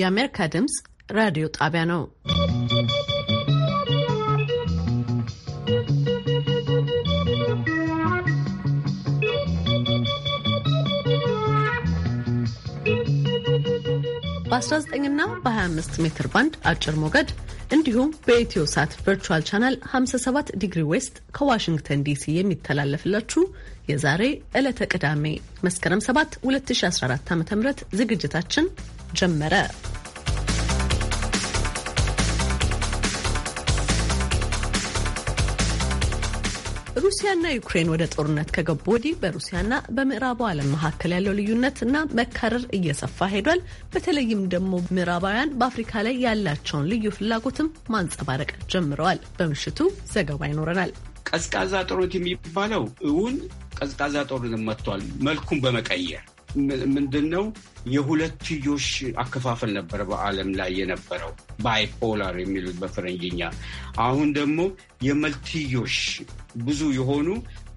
የአሜሪካ ድምፅ ራዲዮ ጣቢያ ነው። በ19ና በ25 ሜትር ባንድ አጭር ሞገድ እንዲሁም በኢትዮ ሳት ቨርቹዋል ቻናል 57 ዲግሪ ዌስት ከዋሽንግተን ዲሲ የሚተላለፍላችሁ የዛሬ ዕለተ ቅዳሜ መስከረም 7 2014 ዓ ም ዝግጅታችን ጀመረ። ሩሲያና ዩክሬን ወደ ጦርነት ከገቡ ወዲህ በሩሲያና በምዕራቡ ዓለም መካከል ያለው ልዩነት እና መካረር እየሰፋ ሄዷል። በተለይም ደግሞ ምዕራባውያን በአፍሪካ ላይ ያላቸውን ልዩ ፍላጎትም ማንጸባረቅ ጀምረዋል። በምሽቱ ዘገባ ይኖረናል። ቀዝቃዛ ጦርነት የሚባለው እውን ቀዝቃዛ ጦርነት መጥቷል፣ መልኩን በመቀየር ምንድን ነው የሁለትዮሽ አከፋፈል ነበረ በዓለም ላይ የነበረው ባይፖላር የሚሉት በፈረንጅኛ። አሁን ደግሞ የመልትዮሽ ብዙ የሆኑ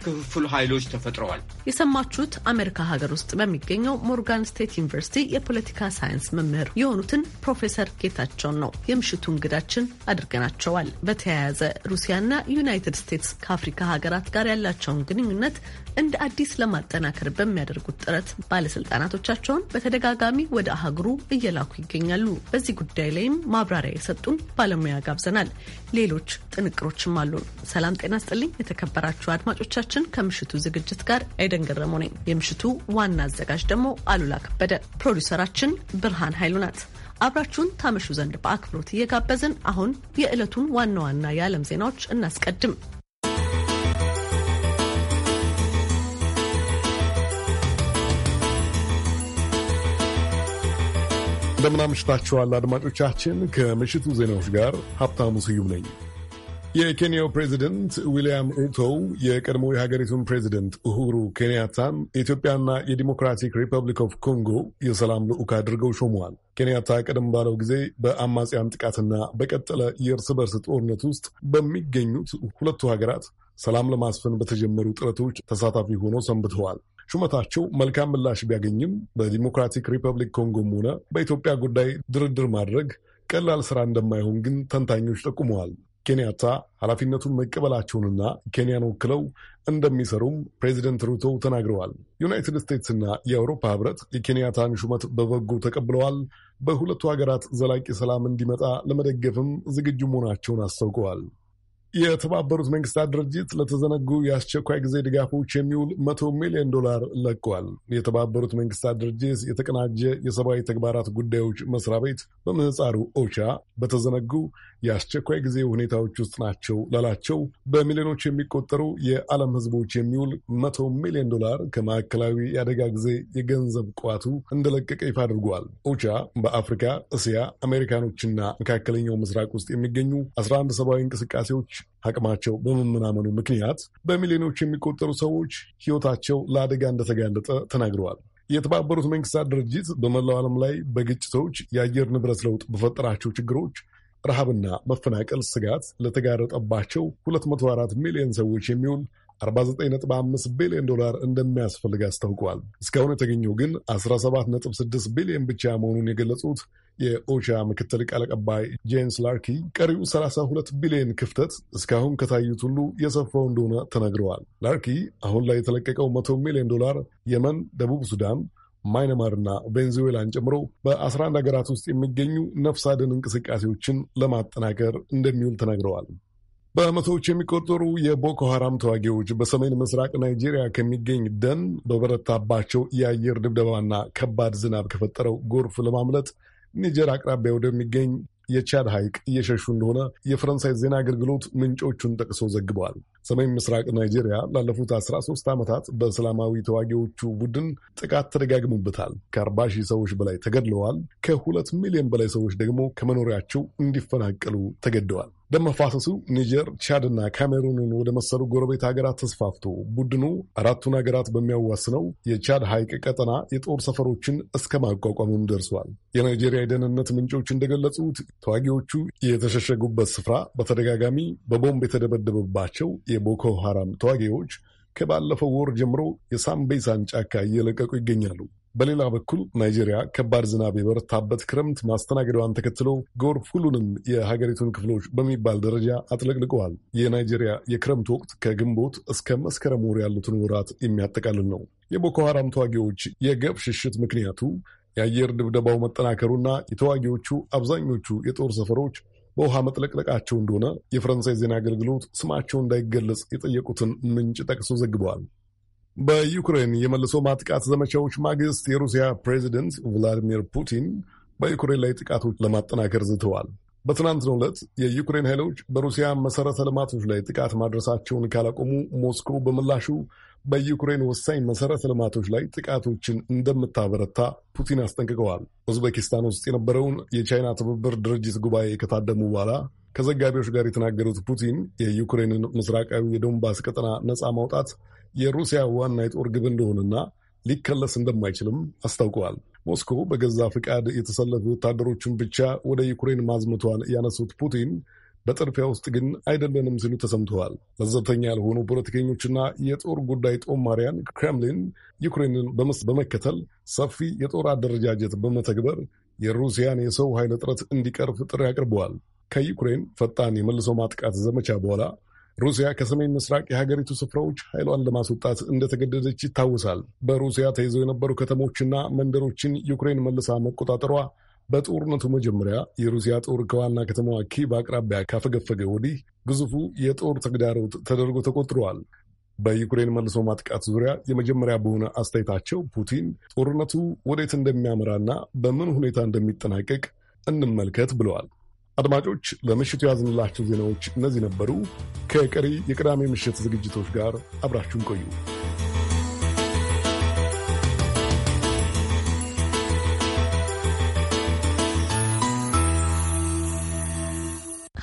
ክፍፍል ኃይሎች ተፈጥረዋል። የሰማችሁት አሜሪካ ሀገር ውስጥ በሚገኘው ሞርጋን ስቴት ዩኒቨርሲቲ የፖለቲካ ሳይንስ መምህር የሆኑትን ፕሮፌሰር ጌታቸውን ነው የምሽቱ እንግዳችን አድርገናቸዋል። በተያያዘ ሩሲያና ዩናይትድ ስቴትስ ከአፍሪካ ሀገራት ጋር ያላቸውን ግንኙነት እንደ አዲስ ለማጠናከር በሚያደርጉት ጥረት ባለስልጣናቶቻቸውን በተደጋጋሚ ወደ አህጉሩ እየላኩ ይገኛሉ። በዚህ ጉዳይ ላይም ማብራሪያ የሰጡን ባለሙያ ጋብዘናል። ሌሎች ጥንቅሮችም አሉን። ሰላም ጤና ስጥልኝ። የተከበራችሁ አድማጮቻችን ከምሽቱ ዝግጅት ጋር አይደን ገረሙ ነኝ። የምሽቱ ዋና አዘጋጅ ደግሞ አሉላ ከበደ፣ ፕሮዲውሰራችን ብርሃን ኃይሉ ናት። አብራችሁን ታመሹ ዘንድ በአክብሮት እየጋበዝን አሁን የዕለቱን ዋና ዋና የዓለም ዜናዎች እናስቀድም። እንደምናምሽታችኋል አድማጮቻችን። ከምሽቱ ዜናዎች ጋር ሀብታሙ ስዩም ነኝ። የኬንያው ፕሬዚደንት ዊልያም ሩቶ የቀድሞ የሀገሪቱን ፕሬዚደንት ኡሁሩ ኬንያታን የኢትዮጵያና የዲሞክራቲክ ሪፐብሊክ ኦፍ ኮንጎ የሰላም ልዑክ አድርገው ሾመዋል። ኬንያታ ቀደም ባለው ጊዜ በአማጽያን ጥቃትና በቀጠለ የእርስ በርስ ጦርነት ውስጥ በሚገኙት ሁለቱ ሀገራት ሰላም ለማስፈን በተጀመሩ ጥረቶች ተሳታፊ ሆነው ሰንብተዋል። ሹመታቸው መልካም ምላሽ ቢያገኝም በዲሞክራቲክ ሪፐብሊክ ኮንጎም ሆነ በኢትዮጵያ ጉዳይ ድርድር ማድረግ ቀላል ስራ እንደማይሆን ግን ተንታኞች ጠቁመዋል። ኬንያታ ኃላፊነቱን መቀበላቸውንና ኬንያን ወክለው እንደሚሰሩም ፕሬዚደንት ሩቶ ተናግረዋል። ዩናይትድ ስቴትስና የአውሮፓ ህብረት የኬንያታን ሹመት በበጎ ተቀብለዋል። በሁለቱ ሀገራት ዘላቂ ሰላም እንዲመጣ ለመደገፍም ዝግጁ መሆናቸውን አስታውቀዋል። የተባበሩት መንግስታት ድርጅት ለተዘነጉ የአስቸኳይ ጊዜ ድጋፎች የሚውል መቶ ሚሊዮን ዶላር ለቀዋል። የተባበሩት መንግስታት ድርጅት የተቀናጀ የሰብአዊ ተግባራት ጉዳዮች መስሪያ ቤት በምህፃሩ ኦቻ በተዘነጉ የአስቸኳይ ጊዜ ሁኔታዎች ውስጥ ናቸው ላላቸው በሚሊዮኖች የሚቆጠሩ የዓለም ህዝቦች የሚውል መቶ ሚሊዮን ዶላር ከማዕከላዊ የአደጋ ጊዜ የገንዘብ ቋቱ እንደለቀቀ ይፋ አድርጓል። ኦቻ በአፍሪካ፣ እስያ፣ አሜሪካኖችና መካከለኛው ምስራቅ ውስጥ የሚገኙ 11 ሰብአዊ እንቅስቃሴዎች አቅማቸው በመመናመኑ ምክንያት በሚሊዮኖች የሚቆጠሩ ሰዎች ሕይወታቸው ለአደጋ እንደተጋለጠ ተናግረዋል። የተባበሩት መንግስታት ድርጅት በመላው ዓለም ላይ በግጭቶች የአየር ንብረት ለውጥ በፈጠራቸው ችግሮች ረሃብና መፈናቀል ስጋት ለተጋረጠባቸው 204 ሚሊዮን ሰዎች የሚሆን 49.5 ቢሊዮን ዶላር እንደሚያስፈልግ አስታውቀዋል። እስካሁን የተገኘው ግን 17.6 ቢሊዮን ብቻ መሆኑን የገለጹት የኦቻ ምክትል ቃል አቀባይ ጄንስ ላርኪ ቀሪው 32 ቢሊዮን ክፍተት እስካሁን ከታዩት ሁሉ የሰፋው እንደሆነ ተናግረዋል። ላርኪ አሁን ላይ የተለቀቀው 100 ሚሊዮን ዶላር የመን፣ ደቡብ ሱዳን፣ ማይነማርና ቬንዙዌላን ጨምሮ በ11 ሀገራት ውስጥ የሚገኙ ነፍስ አድን እንቅስቃሴዎችን ለማጠናከር እንደሚውል ተናግረዋል። በመቶዎች የሚቆጠሩ የቦኮ ሐራም ተዋጊዎች በሰሜን ምስራቅ ናይጄሪያ ከሚገኝ ደን በበረታባቸው የአየር ድብደባና ከባድ ዝናብ ከፈጠረው ጎርፍ ለማምለጥ ኒጀር አቅራቢያ ወደሚገኝ የቻድ ሐይቅ እየሸሹ እንደሆነ የፈረንሳይ ዜና አገልግሎት ምንጮቹን ጠቅሶ ዘግበዋል። ሰሜን ምስራቅ ናይጄሪያ ላለፉት 13 ዓመታት በእስላማዊ ተዋጊዎቹ ቡድን ጥቃት ተደጋግሞበታል። ከ40 ሺህ ሰዎች በላይ ተገድለዋል። ከሁለት ሚሊዮን በላይ ሰዎች ደግሞ ከመኖሪያቸው እንዲፈናቀሉ ተገደዋል። ደም መፋሰሱ ኒጀር፣ ቻድና ካሜሩንን ወደ መሰሉ ጎረቤት ሀገራት ተስፋፍቶ ቡድኑ አራቱን ሀገራት በሚያዋስነው የቻድ ሐይቅ ቀጠና የጦር ሰፈሮችን እስከ ማቋቋምም ደርሷል። የናይጄሪያ የደህንነት ምንጮች እንደገለጹት ተዋጊዎቹ የተሸሸጉበት ስፍራ በተደጋጋሚ በቦምብ የተደበደበባቸው የቦኮ ሐራም ተዋጊዎች ከባለፈው ወር ጀምሮ የሳምቤሳን ጫካ እየለቀቁ ይገኛሉ። በሌላ በኩል ናይጄሪያ ከባድ ዝናብ የበረታበት ክረምት ማስተናገዷን ተከትሎ ጎርፍ ሁሉንም የሀገሪቱን ክፍሎች በሚባል ደረጃ አጥለቅልቀዋል። የናይጄሪያ የክረምት ወቅት ከግንቦት እስከ መስከረም ወር ያሉትን ወራት የሚያጠቃልል ነው። የቦኮ ሐራም ተዋጊዎች የገብ ሽሽት ምክንያቱ የአየር ድብደባው መጠናከሩና የተዋጊዎቹ አብዛኞቹ የጦር ሰፈሮች በውሃ መጥለቅለቃቸው እንደሆነ የፈረንሳይ ዜና አገልግሎት ስማቸው እንዳይገለጽ የጠየቁትን ምንጭ ጠቅሶ ዘግበዋል። በዩክሬን የመልሶ ማጥቃት ዘመቻዎች ማግስት የሩሲያ ፕሬዚደንት ቭላዲሚር ፑቲን በዩክሬን ላይ ጥቃቶች ለማጠናከር ዝተዋል። በትናንትናው ዕለት የዩክሬን ኃይሎች በሩሲያ መሠረተ ልማቶች ላይ ጥቃት ማድረሳቸውን ካላቆሙ ሞስኮ በምላሹ በዩክሬን ወሳኝ መሠረተ ልማቶች ላይ ጥቃቶችን እንደምታበረታ ፑቲን አስጠንቅቀዋል። ኡዝቤኪስታን ውስጥ የነበረውን የቻይና ትብብር ድርጅት ጉባኤ ከታደሙ በኋላ ከዘጋቢዎች ጋር የተናገሩት ፑቲን የዩክሬንን ምስራቃዊ የዶንባስ ቀጠና ነፃ ማውጣት የሩሲያ ዋና የጦር ግብ እንደሆነና ሊከለስ እንደማይችልም አስታውቀዋል። ሞስኮ በገዛ ፍቃድ የተሰለፉ ወታደሮችን ብቻ ወደ ዩክሬን ማዝመቷን ያነሱት ፑቲን በጥርፊያ ውስጥ ግን አይደለንም ሲሉ ተሰምተዋል። ለዘብተኛ ያልሆኑ ፖለቲከኞችና የጦር ጉዳይ ጦማሪያን ክሬምሊን ዩክሬንን በመከተል ሰፊ የጦር አደረጃጀት በመተግበር የሩሲያን የሰው ኃይል እጥረት እንዲቀርፍ ጥሪ አቅርበዋል። ከዩክሬን ፈጣን የመልሶ ማጥቃት ዘመቻ በኋላ ሩሲያ ከሰሜን ምስራቅ የሀገሪቱ ስፍራዎች ኃይሏን ለማስወጣት እንደተገደደች ይታወሳል። በሩሲያ ተይዘው የነበሩ ከተሞችና መንደሮችን ዩክሬን መልሳ መቆጣጠሯ በጦርነቱ መጀመሪያ የሩሲያ ጦር ከዋና ከተማዋ ኪቭ አቅራቢያ ካፈገፈገ ወዲህ ግዙፉ የጦር ተግዳሮት ተደርጎ ተቆጥረዋል። በዩክሬን መልሶ ማጥቃት ዙሪያ የመጀመሪያ በሆነ አስተያየታቸው ፑቲን ጦርነቱ ወዴት እንደሚያመራና በምን ሁኔታ እንደሚጠናቀቅ እንመልከት ብለዋል። አድማጮች፣ ለምሽቱ ያዝንላቸው ዜናዎች እነዚህ ነበሩ። ከቀሪ የቅዳሜ ምሽት ዝግጅቶች ጋር አብራችሁን ቆዩ።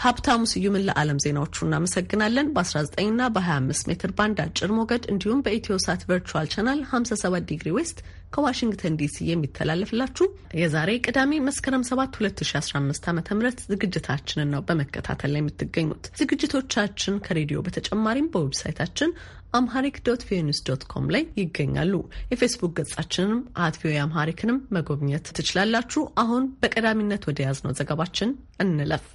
ሀብታሙ ስዩምን ለዓለም ዜናዎቹ እናመሰግናለን። በ19ና በ25 ሜትር ባንድ አጭር ሞገድ እንዲሁም በኢትዮ ሳት ቨርቹዋል ቻናል 57 ዲግሪ ዌስት ከዋሽንግተን ዲሲ የሚተላለፍላችሁ የዛሬ ቅዳሜ መስከረም 7 2015 ዓ ም ዝግጅታችንን ነው በመከታተል ላይ የምትገኙት። ዝግጅቶቻችን ከሬዲዮ በተጨማሪም በዌብሳይታችን አምሃሪክ ዶት ቪኦኤ ዶት ኮም ላይ ይገኛሉ። የፌስቡክ ገጻችንንም አት ቪኦኤ አምሃሪክንም መጎብኘት ትችላላችሁ። አሁን በቀዳሚነት ወደ ያዝነው ዘገባችን እንለፍ።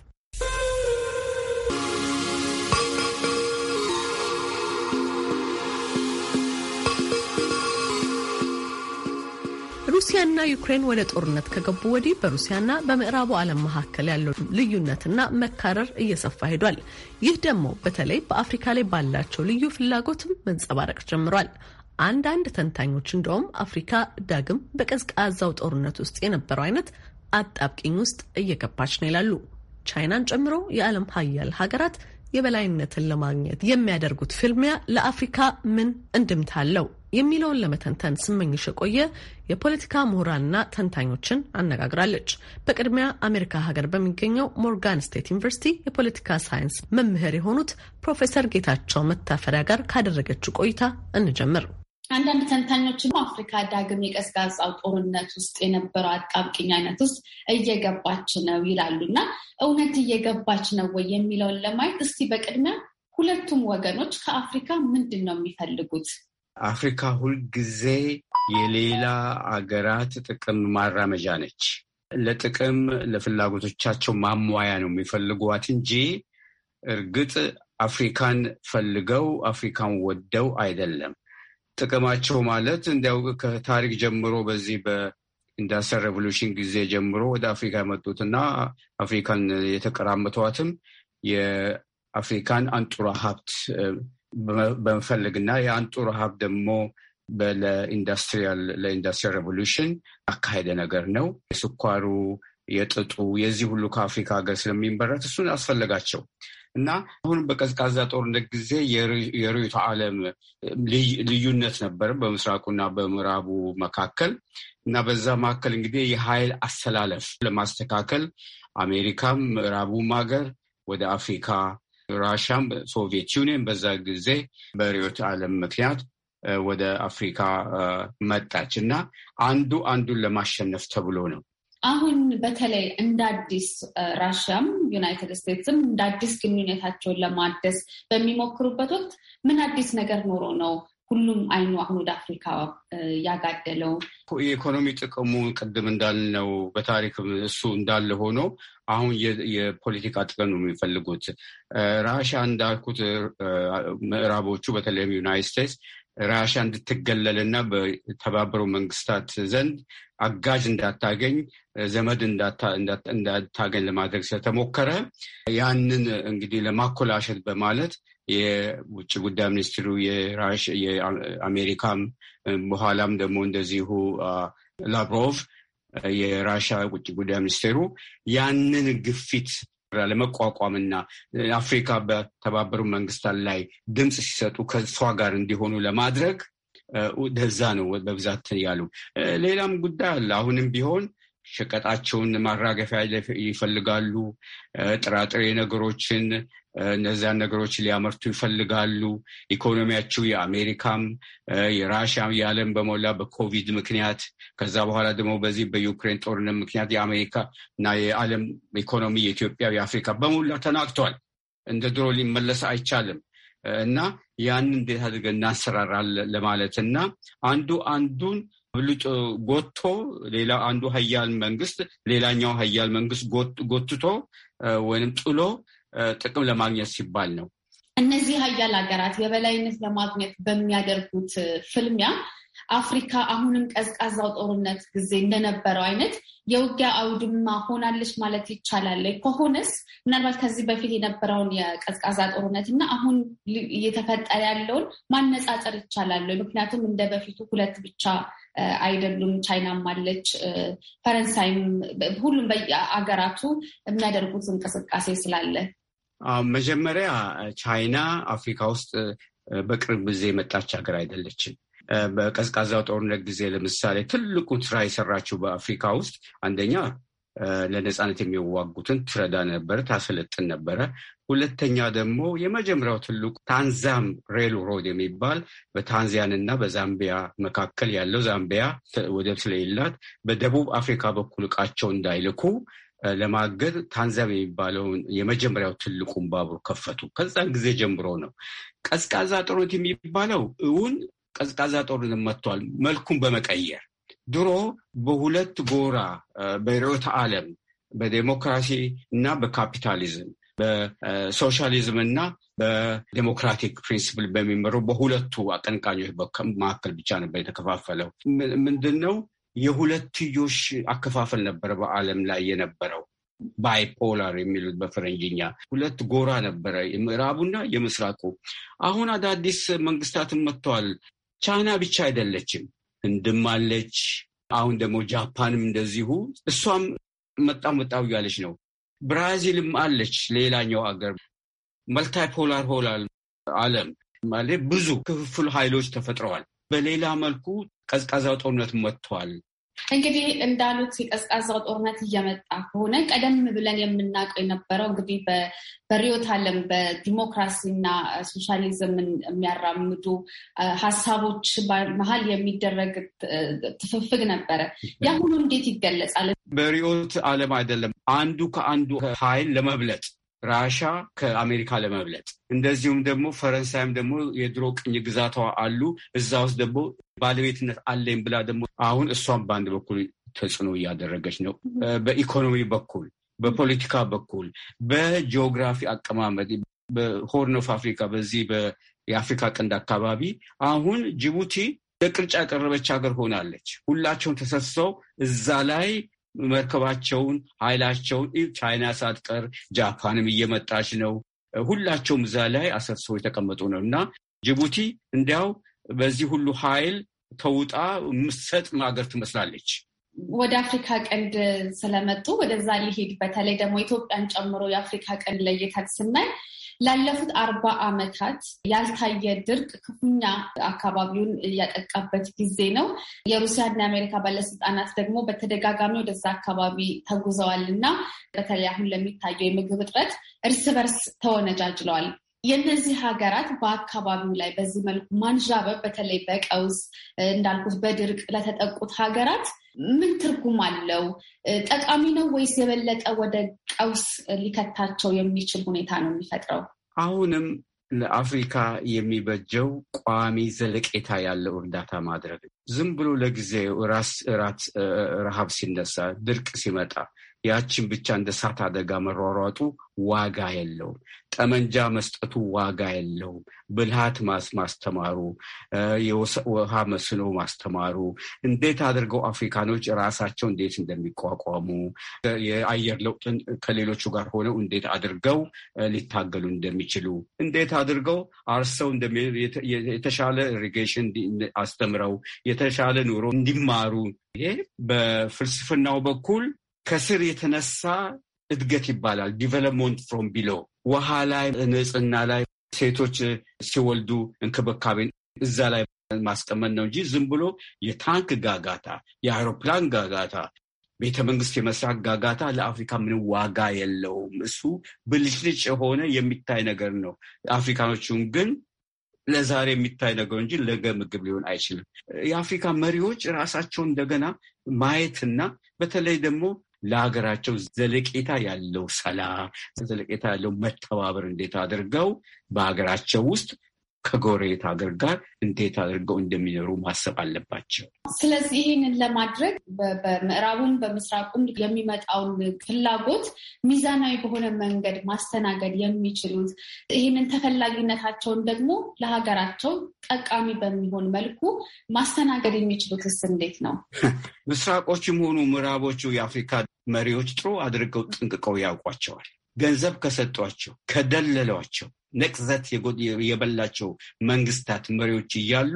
ሩሲያና ዩክሬን ወደ ጦርነት ከገቡ ወዲህ በሩሲያና በምዕራቡ ዓለም መካከል ያለው ልዩነትና መካረር እየሰፋ ሄዷል። ይህ ደግሞ በተለይ በአፍሪካ ላይ ባላቸው ልዩ ፍላጎትም መንጸባረቅ ጀምሯል። አንዳንድ ተንታኞች እንደውም አፍሪካ ዳግም በቀዝቃዛው ጦርነት ውስጥ የነበረው አይነት አጣብቂኝ ውስጥ እየገባች ነው ይላሉ። ቻይናን ጨምሮ የዓለም ሀያል ሀገራት የበላይነትን ለማግኘት የሚያደርጉት ፍልሚያ ለአፍሪካ ምን እንድምታ አለው? የሚለውን ለመተንተን ስመኝሽ የቆየ የፖለቲካ ምሁራንና ተንታኞችን አነጋግራለች። በቅድሚያ አሜሪካ ሀገር በሚገኘው ሞርጋን ስቴት ዩኒቨርሲቲ የፖለቲካ ሳይንስ መምህር የሆኑት ፕሮፌሰር ጌታቸው መታፈሪያ ጋር ካደረገችው ቆይታ እንጀምር። አንዳንድ ተንታኞችም አፍሪካ ዳግም የቀዝቃዛው ጦርነት ውስጥ የነበረው አጣብቂኝ አይነት ውስጥ እየገባች ነው ይላሉ እና እውነት እየገባች ነው ወይ የሚለውን ለማየት እስቲ በቅድሚያ ሁለቱም ወገኖች ከአፍሪካ ምንድን ነው የሚፈልጉት? አፍሪካ ሁልጊዜ የሌላ አገራት ጥቅም ማራመጃ ነች። ለጥቅም ለፍላጎቶቻቸው ማሟያ ነው የሚፈልጓት እንጂ እርግጥ አፍሪካን ፈልገው አፍሪካን ወደው አይደለም። ጥቅማቸው ማለት እንዲያው ከታሪክ ጀምሮ በዚህ በኢንዳስትሪያል ሬቮሉሽን ጊዜ ጀምሮ ወደ አፍሪካ የመጡትና አፍሪካን የተቀራመቷትም አፍሪካን አንጡራ ሀብት በመፈለግና የአንጡራ ሀብት ደግሞ ለኢንዱስትሪያል ለኢንዱስትሪያል ሬቮሉሽን አካሄደ ነገር ነው። የስኳሩ፣ የጥጡ የዚህ ሁሉ ከአፍሪካ ሀገር ስለሚመረት እሱን አስፈለጋቸው እና አሁን በቀዝቃዛ ጦርነት ጊዜ የርዕዮተ ዓለም ልዩነት ነበር በምስራቁና በምዕራቡ መካከል እና በዛ መካከል እንግዲህ የኃይል አሰላለፍ ለማስተካከል አሜሪካም ምዕራቡም ሀገር ወደ አፍሪካ ራሻም ሶቪየት ዩኒየን በዛ ጊዜ በርዕዮተ ዓለም ምክንያት ወደ አፍሪካ መጣች እና አንዱ አንዱን ለማሸነፍ ተብሎ ነው። አሁን በተለይ እንደ አዲስ ራሽያም ዩናይትድ ስቴትስም እንደ አዲስ ግንኙነታቸውን ለማደስ በሚሞክሩበት ወቅት ምን አዲስ ነገር ኖሮ ነው ሁሉም አይኑ አሁን ወደ አፍሪካ ያጋደለው የኢኮኖሚ ጥቅሙ ቅድም እንዳልነው በታሪክም እሱ እንዳለ ሆኖ አሁን የፖለቲካ ጥቅም ነው የሚፈልጉት። ራሽያ እንዳልኩት ምዕራቦቹ በተለይም ዩናይት ስቴትስ ራሽያ እንድትገለልና በተባበሩ መንግስታት ዘንድ አጋዥ እንዳታገኝ ዘመድ እንዳታገኝ ለማድረግ ስለተሞከረ ያንን እንግዲህ ለማኮላሸት በማለት የውጭ ጉዳይ ሚኒስትሩ የአሜሪካም በኋላም ደግሞ እንደዚሁ ላቭሮቭ የራሻ ውጭ ጉዳይ ሚኒስቴሩ ያንን ግፊት ለመቋቋምና አፍሪካ በተባበሩ መንግስታት ላይ ድምፅ ሲሰጡ ከእሷ ጋር እንዲሆኑ ለማድረግ ደዛ ነው በብዛት ያሉ። ሌላም ጉዳይ አለ። አሁንም ቢሆን ሸቀጣቸውን ማራገፊያ ይፈልጋሉ። ጥራጥሬ ነገሮችን እነዚያን ነገሮች ሊያመርቱ ይፈልጋሉ። ኢኮኖሚያቸው የአሜሪካም የራሽያም የዓለም በሞላ በኮቪድ ምክንያት ከዛ በኋላ ደግሞ በዚህ በዩክሬን ጦርነት ምክንያት የአሜሪካ እና የዓለም ኢኮኖሚ የኢትዮጵያ፣ የአፍሪካ በሞላ ተናግቷል። እንደ ድሮ ሊመለስ አይቻልም እና ያንን እንዴት አድርገን እናንሰራራለን ለማለት እና አንዱ አንዱን ብልጭ ጎትቶ ሌላ አንዱ ሀያል መንግስት ሌላኛው ሀያል መንግስት ጎትቶ ወይም ጥሎ ጥቅም ለማግኘት ሲባል ነው። እነዚህ ሀያል ሀገራት የበላይነት ለማግኘት በሚያደርጉት ፍልሚያ አፍሪካ አሁንም ቀዝቃዛው ጦርነት ጊዜ እንደነበረው አይነት የውጊያ አውድማ ሆናለች ማለት ይቻላል። ከሆነስ ምናልባት ከዚህ በፊት የነበረውን የቀዝቃዛ ጦርነት እና አሁን እየተፈጠረ ያለውን ማነጻጸር ይቻላል። ምክንያቱም እንደ በፊቱ ሁለት ብቻ አይደሉም። ቻይናም አለች፣ ፈረንሳይም፣ ሁሉም በየአገራቱ የሚያደርጉት እንቅስቃሴ ስላለ መጀመሪያ ቻይና አፍሪካ ውስጥ በቅርብ ጊዜ የመጣች ሀገር አይደለችም። በቀዝቃዛው ጦርነት ጊዜ ለምሳሌ ትልቁን ስራ የሰራችው በአፍሪካ ውስጥ አንደኛ ለነፃነት የሚዋጉትን ትረዳ ነበረ፣ ታሰለጥን ነበረ። ሁለተኛ ደግሞ የመጀመሪያው ትልቁ ታንዛም ሬል ሮድ የሚባል በታንዚያን እና በዛምቢያ መካከል ያለው ዛምቢያ ወደብ ስለሌላት በደቡብ አፍሪካ በኩል እቃቸው እንዳይልኩ ለማገድ ታንዛም የሚባለውን የመጀመሪያው ትልቁን ባቡር ከፈቱ። ከዛን ጊዜ ጀምሮ ነው ቀዝቃዛ ጦርነት የሚባለው እውን ቀዝቃዛ ጦርነት መጥቷል። መልኩን በመቀየር ድሮ በሁለት ጎራ በርዕዮተ ዓለም በዴሞክራሲ እና በካፒታሊዝም በሶሻሊዝም እና በዴሞክራቲክ ፕሪንስፕል በሚመሩ በሁለቱ አቀንቃኞች መካከል ብቻ ነበር የተከፋፈለው። ምንድን ነው የሁለትዮሽ አከፋፈል ነበረ በዓለም ላይ የነበረው። ባይፖላር የሚሉት በፈረንጅኛ ሁለት ጎራ ነበረ፣ የምዕራቡና የምስራቁ። አሁን አዳዲስ መንግስታትን መጥተዋል። ቻይና ብቻ አይደለችም፣ ህንድም አለች። አሁን ደግሞ ጃፓንም እንደዚሁ እሷም መጣው መጣው እያለች ነው። ብራዚልም አለች። ሌላኛው አገር መልታይ ፖላር ሆላል አለም ማለት ብዙ ክፍፍል ኃይሎች ተፈጥረዋል። በሌላ መልኩ ቀዝቃዛው ጦርነት መጥቷል። እንግዲህ እንዳሉት የቀዝቃዛው ጦርነት እየመጣ ከሆነ ቀደም ብለን የምናውቀው የነበረው እንግዲህ በርዕዮተ ዓለም በዲሞክራሲና ሶሻሊዝምን የሚያራምዱ ሀሳቦች መሀል የሚደረግ ትፍፍግ ነበረ። ያሁኑ እንዴት ይገለጻል? በሪዮት ዓለም አይደለም አንዱ ከአንዱ ኃይል ለመብለጥ ራሻ ከአሜሪካ ለመብለጥ እንደዚሁም ደግሞ ፈረንሳይም ደግሞ የድሮ ቅኝ ግዛቷ አሉ እዛ ውስጥ ደግሞ ባለቤትነት አለኝ ብላ ደግሞ አሁን እሷም በአንድ በኩል ተጽዕኖ እያደረገች ነው። በኢኮኖሚ በኩል፣ በፖለቲካ በኩል፣ በጂኦግራፊ አቀማመጥ በሆርን ኦፍ አፍሪካ በዚህ የአፍሪካ ቀንድ አካባቢ አሁን ጅቡቲ ለቅርጫ ያቀረበች ሀገር ሆናለች። ሁላቸውም ተሰብስበው እዛ ላይ መርከባቸውን፣ ኃይላቸውን ቻይና ሳትቀር ጃፓንም እየመጣች ነው። ሁላቸውም እዛ ላይ አሰርሰው የተቀመጡ ነው እና ጅቡቲ እንዲያው በዚህ ሁሉ ኃይል ተውጣ ምሰጥ ማገር ትመስላለች። ወደ አፍሪካ ቀንድ ስለመጡ ወደዛ ሊሄድ በተለይ ደግሞ ኢትዮጵያን ጨምሮ የአፍሪካ ቀንድ ለይተን ስናይ ላለፉት አርባ ዓመታት ያልታየ ድርቅ ክፉኛ አካባቢውን ያጠቃበት ጊዜ ነው። የሩሲያና የአሜሪካ ባለስልጣናት ደግሞ በተደጋጋሚ ወደዛ አካባቢ ተጉዘዋል እና በተለይ አሁን ለሚታየው የምግብ እጥረት እርስ በርስ ተወነጃጅለዋል። የእነዚህ ሀገራት በአካባቢው ላይ በዚህ መልኩ ማንዣበብ በተለይ በቀውስ እንዳልኩት በድርቅ ለተጠቁት ሀገራት ምን ትርጉም አለው? ጠቃሚ ነው ወይስ የበለጠ ወደ ቀውስ ሊከታቸው የሚችል ሁኔታ ነው የሚፈጥረው? አሁንም ለአፍሪካ የሚበጀው ቋሚ ዘለቄታ ያለው እርዳታ ማድረግ ዝም ብሎ ለጊዜው ራስ ራት ረሃብ ሲነሳ ድርቅ ሲመጣ ያችን ብቻ እንደ እሳት አደጋ መሯሯጡ ዋጋ የለውም። ጠመንጃ መስጠቱ ዋጋ የለውም። ብልሃት ማስተማሩ፣ የውሃ መስኖ ማስተማሩ፣ እንዴት አድርገው አፍሪካኖች ራሳቸው እንዴት እንደሚቋቋሙ የአየር ለውጥን ከሌሎቹ ጋር ሆነው እንዴት አድርገው ሊታገሉ እንደሚችሉ እንዴት አድርገው አርሰው የተሻለ ኢሪጌሽን አስተምረው የተሻለ ኑሮ እንዲማሩ ይሄ በፍልስፍናው በኩል ከስር የተነሳ እድገት ይባላል። ዲቨሎፕመንት ፍሮም ቢሎ ውሃ ላይ፣ ንጽህና ላይ ሴቶች ሲወልዱ እንክብካቤን እዛ ላይ ማስቀመጥ ነው እንጂ ዝም ብሎ የታንክ ጋጋታ፣ የአውሮፕላን ጋጋታ፣ ቤተ መንግስት የመስራት ጋጋታ ለአፍሪካ ምን ዋጋ የለውም። እሱ ብልጭልጭ የሆነ የሚታይ ነገር ነው። አፍሪካኖቹን ግን ለዛሬ የሚታይ ነገር እንጂ ለገ ምግብ ሊሆን አይችልም። የአፍሪካ መሪዎች ራሳቸውን እንደገና ማየትና በተለይ ደግሞ ለሀገራቸው ዘለቄታ ያለው ሰላም፣ ዘለቄታ ያለው መተባበር እንዴት አድርገው በሀገራቸው ውስጥ ከጎረቤት ሀገር ጋር እንዴት አድርገው እንደሚኖሩ ማሰብ አለባቸው። ስለዚህ ይህንን ለማድረግ በምዕራቡም በምስራቁም የሚመጣውን ፍላጎት ሚዛናዊ በሆነ መንገድ ማስተናገድ የሚችሉት ይህንን ተፈላጊነታቸውን ደግሞ ለሀገራቸው ጠቃሚ በሚሆን መልኩ ማስተናገድ የሚችሉትስ እንዴት ነው? ምስራቆችም ሆኑ ምዕራቦቹ የአፍሪካ መሪዎች ጥሩ አድርገው ጠንቅቀው ያውቋቸዋል። ገንዘብ ከሰጧቸው፣ ከደለሏቸው፣ ነቅዘት የበላቸው መንግስታት መሪዎች እያሉ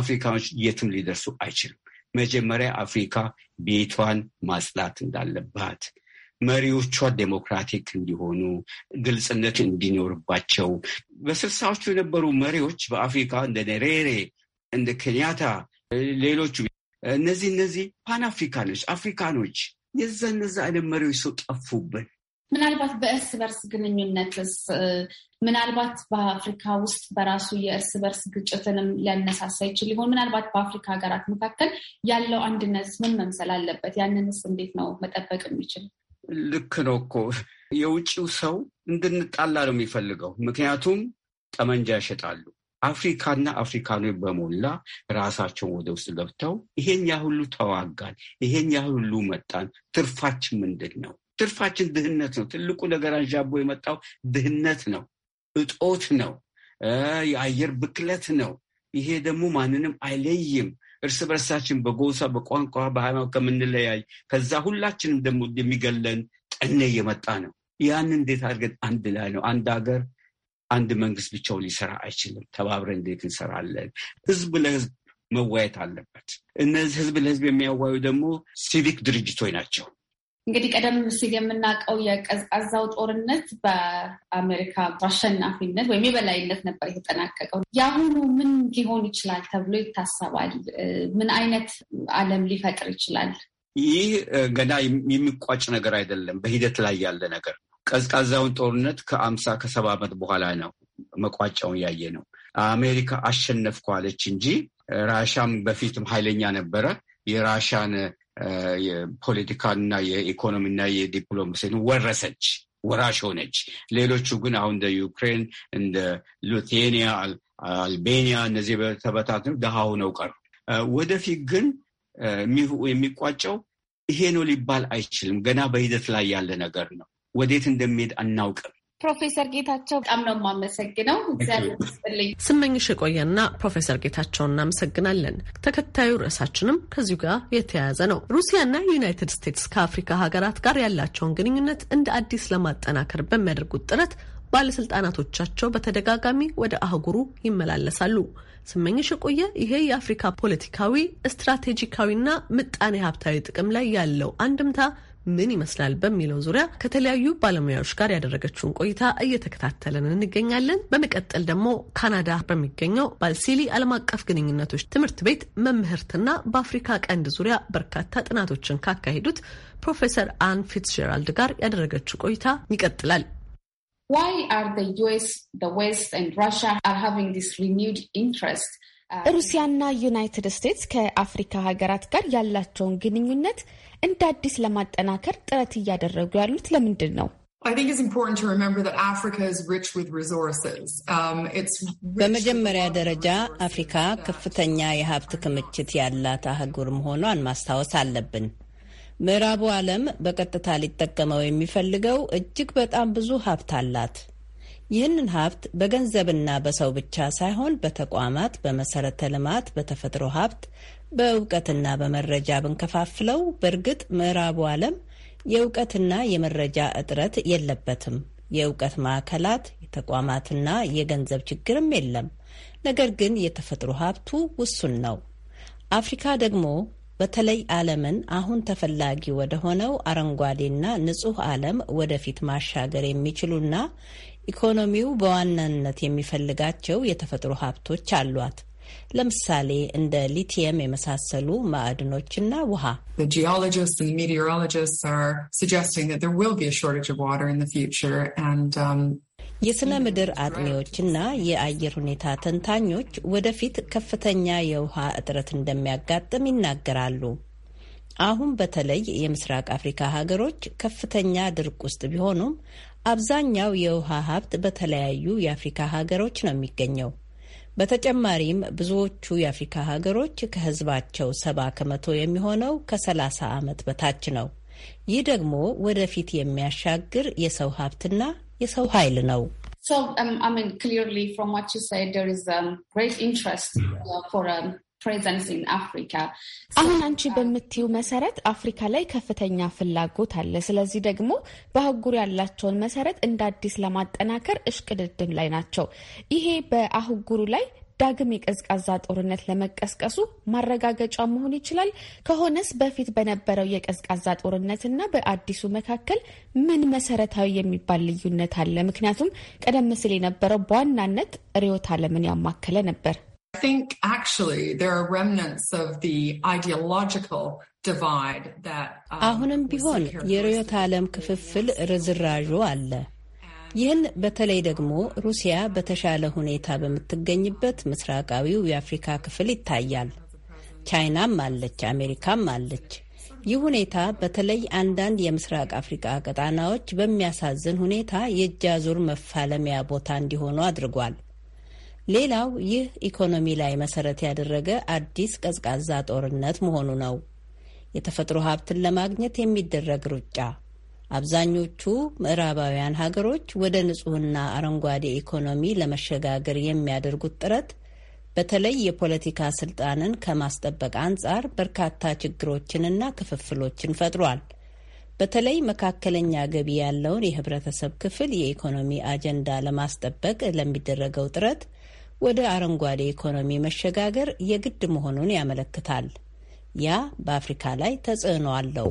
አፍሪካኖች የትም ሊደርሱ አይችሉም። መጀመሪያ አፍሪካ ቤቷን ማጽዳት እንዳለባት መሪዎቿ ዴሞክራቲክ እንዲሆኑ ግልጽነት እንዲኖርባቸው በስልሳዎቹ የነበሩ መሪዎች በአፍሪካ እንደ ኔሬሬ እንደ ኬንያታ ሌሎቹ እነዚህ እነዚህ ፓን አፍሪካኖች አፍሪካኖች የዛ እነዛ ዓለም መሪዎች ሰው ጠፉብን። ምናልባት በእርስ በርስ ግንኙነትስ ምናልባት በአፍሪካ ውስጥ በራሱ የእርስ በርስ ግጭትንም ሊያነሳሳ ይችል ይሆን? ምናልባት በአፍሪካ ሀገራት መካከል ያለው አንድነት ምን መምሰል አለበት? ያንንስ እንዴት ነው መጠበቅ የሚችል? ልክ ነው እኮ የውጭው ሰው እንድንጣላ ነው የሚፈልገው። ምክንያቱም ጠመንጃ ይሸጣሉ፣ አፍሪካና አፍሪካኖች በሞላ ራሳቸውን ወደ ውስጥ ገብተው ይሄን ያሁሉ ተዋጋን፣ ይሄን ሁሉ መጣን፣ ትርፋችን ምንድን ነው? ትርፋችን ድህነት ነው። ትልቁ ነገር አንዣቦ የመጣው ድህነት ነው፣ እጦት ነው፣ የአየር ብክለት ነው። ይሄ ደግሞ ማንንም አይለይም። እርስ በርሳችን በጎሳ፣ በቋንቋ፣ በሃይማኖት ከምንለያይ ከዛ ሁላችንም ደግሞ የሚገለን ጠኔ እየመጣ ነው። ያን እንዴት አድርገን አንድ ላይ ነው አንድ ሀገር አንድ መንግስት ብቻውን ሊሰራ አይችልም። ተባብረን እንዴት እንሰራለን? ህዝብ ለህዝብ መዋየት አለበት። እነዚህ ህዝብ ለህዝብ የሚያዋዩ ደግሞ ሲቪክ ድርጅቶች ናቸው። እንግዲህ ቀደም ሲል የምናውቀው የቀዝቃዛው ጦርነት በአሜሪካ አሸናፊነት ወይም የበላይነት ነበር የተጠናቀቀው። የአሁኑ ምን ሊሆን ይችላል ተብሎ ይታሰባል? ምን አይነት ዓለም ሊፈጥር ይችላል? ይህ ገና የሚቋጭ ነገር አይደለም፣ በሂደት ላይ ያለ ነገር ነው። ቀዝቃዛውን ጦርነት ከአምሳ ከሰባ ዓመት በኋላ ነው መቋጫውን ያየ ነው። አሜሪካ አሸነፍኳለች እንጂ ራሻም በፊትም ኃይለኛ ነበረ። የራሻን የፖለቲካና የኢኮኖሚና የዲፕሎማሲን ወረሰች፣ ወራሽ ሆነች። ሌሎቹ ግን አሁን እንደ ዩክሬን እንደ ሉቴኒያ፣ አልቤኒያ እነዚህ በተበታትነው ደሃ ሆነው ቀሩ። ወደፊት ግን የሚቋጨው ይሄ ነው ሊባል አይችልም። ገና በሂደት ላይ ያለ ነገር ነው። ወዴት እንደሚሄድ አናውቅም። ፕሮፌሰር ጌታቸው በጣም ነው የማመሰግነው። እግዚአብሔር ስመኝሽ የቆየና ፕሮፌሰር ጌታቸው እናመሰግናለን። ተከታዩ ርዕሳችንም ከዚሁ ጋር የተያያዘ ነው። ሩሲያና ዩናይትድ ስቴትስ ከአፍሪካ ሀገራት ጋር ያላቸውን ግንኙነት እንደ አዲስ ለማጠናከር በሚያደርጉት ጥረት ባለስልጣናቶቻቸው በተደጋጋሚ ወደ አህጉሩ ይመላለሳሉ። ስመኝሽ የቆየ ይሄ የአፍሪካ ፖለቲካዊ ስትራቴጂካዊና ምጣኔ ሀብታዊ ጥቅም ላይ ያለው አንድምታ ምን ይመስላል በሚለው ዙሪያ ከተለያዩ ባለሙያዎች ጋር ያደረገችውን ቆይታ እየተከታተለን እንገኛለን። በመቀጠል ደግሞ ካናዳ በሚገኘው ባልሲሊ ዓለም አቀፍ ግንኙነቶች ትምህርት ቤት መምህርትና በአፍሪካ ቀንድ ዙሪያ በርካታ ጥናቶችን ካካሄዱት ፕሮፌሰር አን ፊትስጀራልድ ጋር ያደረገችው ቆይታ ይቀጥላል። ዋይ አር uh, ሩሲያና ዩናይትድ ስቴትስ ከአፍሪካ ሀገራት ጋር ያላቸውን ግንኙነት እንደ አዲስ ለማጠናከር ጥረት እያደረጉ ያሉት ለምንድን ነው? Um, በመጀመሪያ ደረጃ አፍሪካ ከፍተኛ የሀብት ክምችት ያላት አህጉር መሆኗን ማስታወስ አለብን። ምዕራቡ ዓለም በቀጥታ ሊጠቀመው የሚፈልገው እጅግ በጣም ብዙ ሀብት አላት። ይህንን ሀብት በገንዘብና በሰው ብቻ ሳይሆን በተቋማት፣ በመሰረተ ልማት፣ በተፈጥሮ ሀብት፣ በእውቀትና በመረጃ ብንከፋፍለው በእርግጥ ምዕራቡ ዓለም የእውቀትና የመረጃ እጥረት የለበትም። የእውቀት ማዕከላት፣ የተቋማትና የገንዘብ ችግርም የለም። ነገር ግን የተፈጥሮ ሀብቱ ውሱን ነው። አፍሪካ ደግሞ በተለይ ዓለምን አሁን ተፈላጊ ወደ ሆነው አረንጓዴና ንጹህ ዓለም ወደፊት ማሻገር የሚችሉና ኢኮኖሚው በዋናነት የሚፈልጋቸው የተፈጥሮ ሀብቶች አሏት። ለምሳሌ እንደ ሊቲየም የመሳሰሉ ማዕድኖችና ውሃ። የሥነ ምድር አጥኚዎችና የአየር ሁኔታ ተንታኞች ወደፊት ከፍተኛ የውሃ እጥረት እንደሚያጋጥም ይናገራሉ። አሁን በተለይ የምስራቅ አፍሪካ ሀገሮች ከፍተኛ ድርቅ ውስጥ ቢሆኑም አብዛኛው የውሃ ሀብት በተለያዩ የአፍሪካ ሀገሮች ነው የሚገኘው። በተጨማሪም ብዙዎቹ የአፍሪካ ሀገሮች ከህዝባቸው ሰባ ከመቶ የሚሆነው ከ ከሰላሳ ዓመት በታች ነው። ይህ ደግሞ ወደፊት የሚያሻግር የሰው ሀብትና የሰው ኃይል ነው። So, um, I mean, clearly from what you said, there is um, great interest uh, for um, ፕሬዘንስ ኢን አፍሪካ። አሁን አንቺ በምትዩ መሰረት አፍሪካ ላይ ከፍተኛ ፍላጎት አለ። ስለዚህ ደግሞ በአህጉር ያላቸውን መሰረት እንደ አዲስ ለማጠናከር እሽቅድድም ላይ ናቸው። ይሄ በአህጉሩ ላይ ዳግም የቀዝቃዛ ጦርነት ለመቀስቀሱ ማረጋገጫ መሆን ይችላል? ከሆነስ በፊት በነበረው የቀዝቃዛ ጦርነትና በአዲሱ መካከል ምን መሰረታዊ የሚባል ልዩነት አለ? ምክንያቱም ቀደም ሲል የነበረው በዋናነት ርዕዮተ ዓለምን ያማከለ ነበር። I think actually there are remnants of the ideological divide that um, አሁንም ቢሆን የርዕዮተ ዓለም ክፍፍል ርዝራዡ አለ። ይህን በተለይ ደግሞ ሩሲያ በተሻለ ሁኔታ በምትገኝበት ምስራቃዊው የአፍሪካ ክፍል ይታያል። ቻይናም አለች፣ አሜሪካም አለች። ይህ ሁኔታ በተለይ አንዳንድ የምስራቅ አፍሪካ ቀጣናዎች በሚያሳዝን ሁኔታ የእጅ አዙር መፋለሚያ ቦታ እንዲሆኑ አድርጓል። ሌላው ይህ ኢኮኖሚ ላይ መሰረት ያደረገ አዲስ ቀዝቃዛ ጦርነት መሆኑ ነው። የተፈጥሮ ሀብትን ለማግኘት የሚደረግ ሩጫ አብዛኞቹ ምዕራባውያን ሀገሮች ወደ ንጹህና አረንጓዴ ኢኮኖሚ ለመሸጋገር የሚያደርጉት ጥረት በተለይ የፖለቲካ ስልጣንን ከማስጠበቅ አንጻር በርካታ ችግሮችንና ክፍፍሎችን ፈጥሯል። በተለይ መካከለኛ ገቢ ያለውን የህብረተሰብ ክፍል የኢኮኖሚ አጀንዳ ለማስጠበቅ ለሚደረገው ጥረት ወደ አረንጓዴ ኢኮኖሚ መሸጋገር የግድ መሆኑን ያመለክታል። ያ በአፍሪካ ላይ ተጽዕኖ አለው።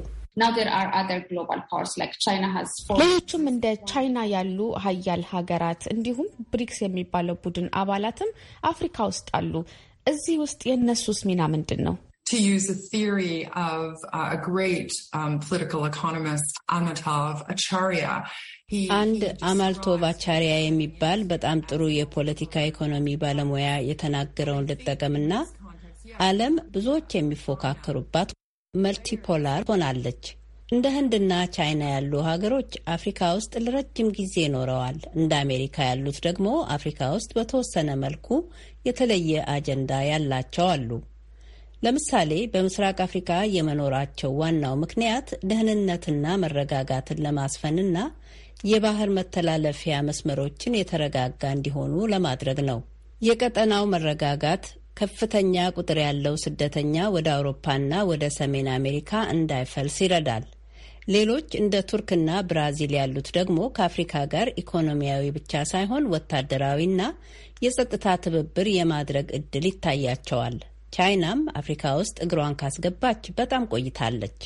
ሌሎቹም እንደ ቻይና ያሉ ሀያል ሀገራት እንዲሁም ብሪክስ የሚባለው ቡድን አባላትም አፍሪካ ውስጥ አሉ። እዚህ ውስጥ የእነሱስ ሚና ምንድን ነው? To use theory of uh, a great um, political economist, Amitav Acharya, አንድ ቫቻሪያ የሚባል በጣም ጥሩ የፖለቲካ ኢኮኖሚ ባለሙያ የተናገረውን ልጠቀምና ዓለም ብዙዎች የሚፎካከሩባት መልቲፖላር ሆናለች። እንደ ህንድና ቻይና ያሉ ሀገሮች አፍሪካ ውስጥ ለረጅም ጊዜ ኖረዋል። እንደ አሜሪካ ያሉት ደግሞ አፍሪካ ውስጥ በተወሰነ መልኩ የተለየ አጀንዳ ያላቸው አሉ። ለምሳሌ በምስራቅ አፍሪካ የመኖራቸው ዋናው ምክንያት ደህንነትና መረጋጋትን ለማስፈንና የባህር መተላለፊያ መስመሮችን የተረጋጋ እንዲሆኑ ለማድረግ ነው። የቀጠናው መረጋጋት ከፍተኛ ቁጥር ያለው ስደተኛ ወደ አውሮፓና ወደ ሰሜን አሜሪካ እንዳይፈልስ ይረዳል። ሌሎች እንደ ቱርክና ብራዚል ያሉት ደግሞ ከአፍሪካ ጋር ኢኮኖሚያዊ ብቻ ሳይሆን ወታደራዊና የጸጥታ ትብብር የማድረግ እድል ይታያቸዋል። ቻይናም አፍሪካ ውስጥ እግሯን ካስገባች በጣም ቆይታለች።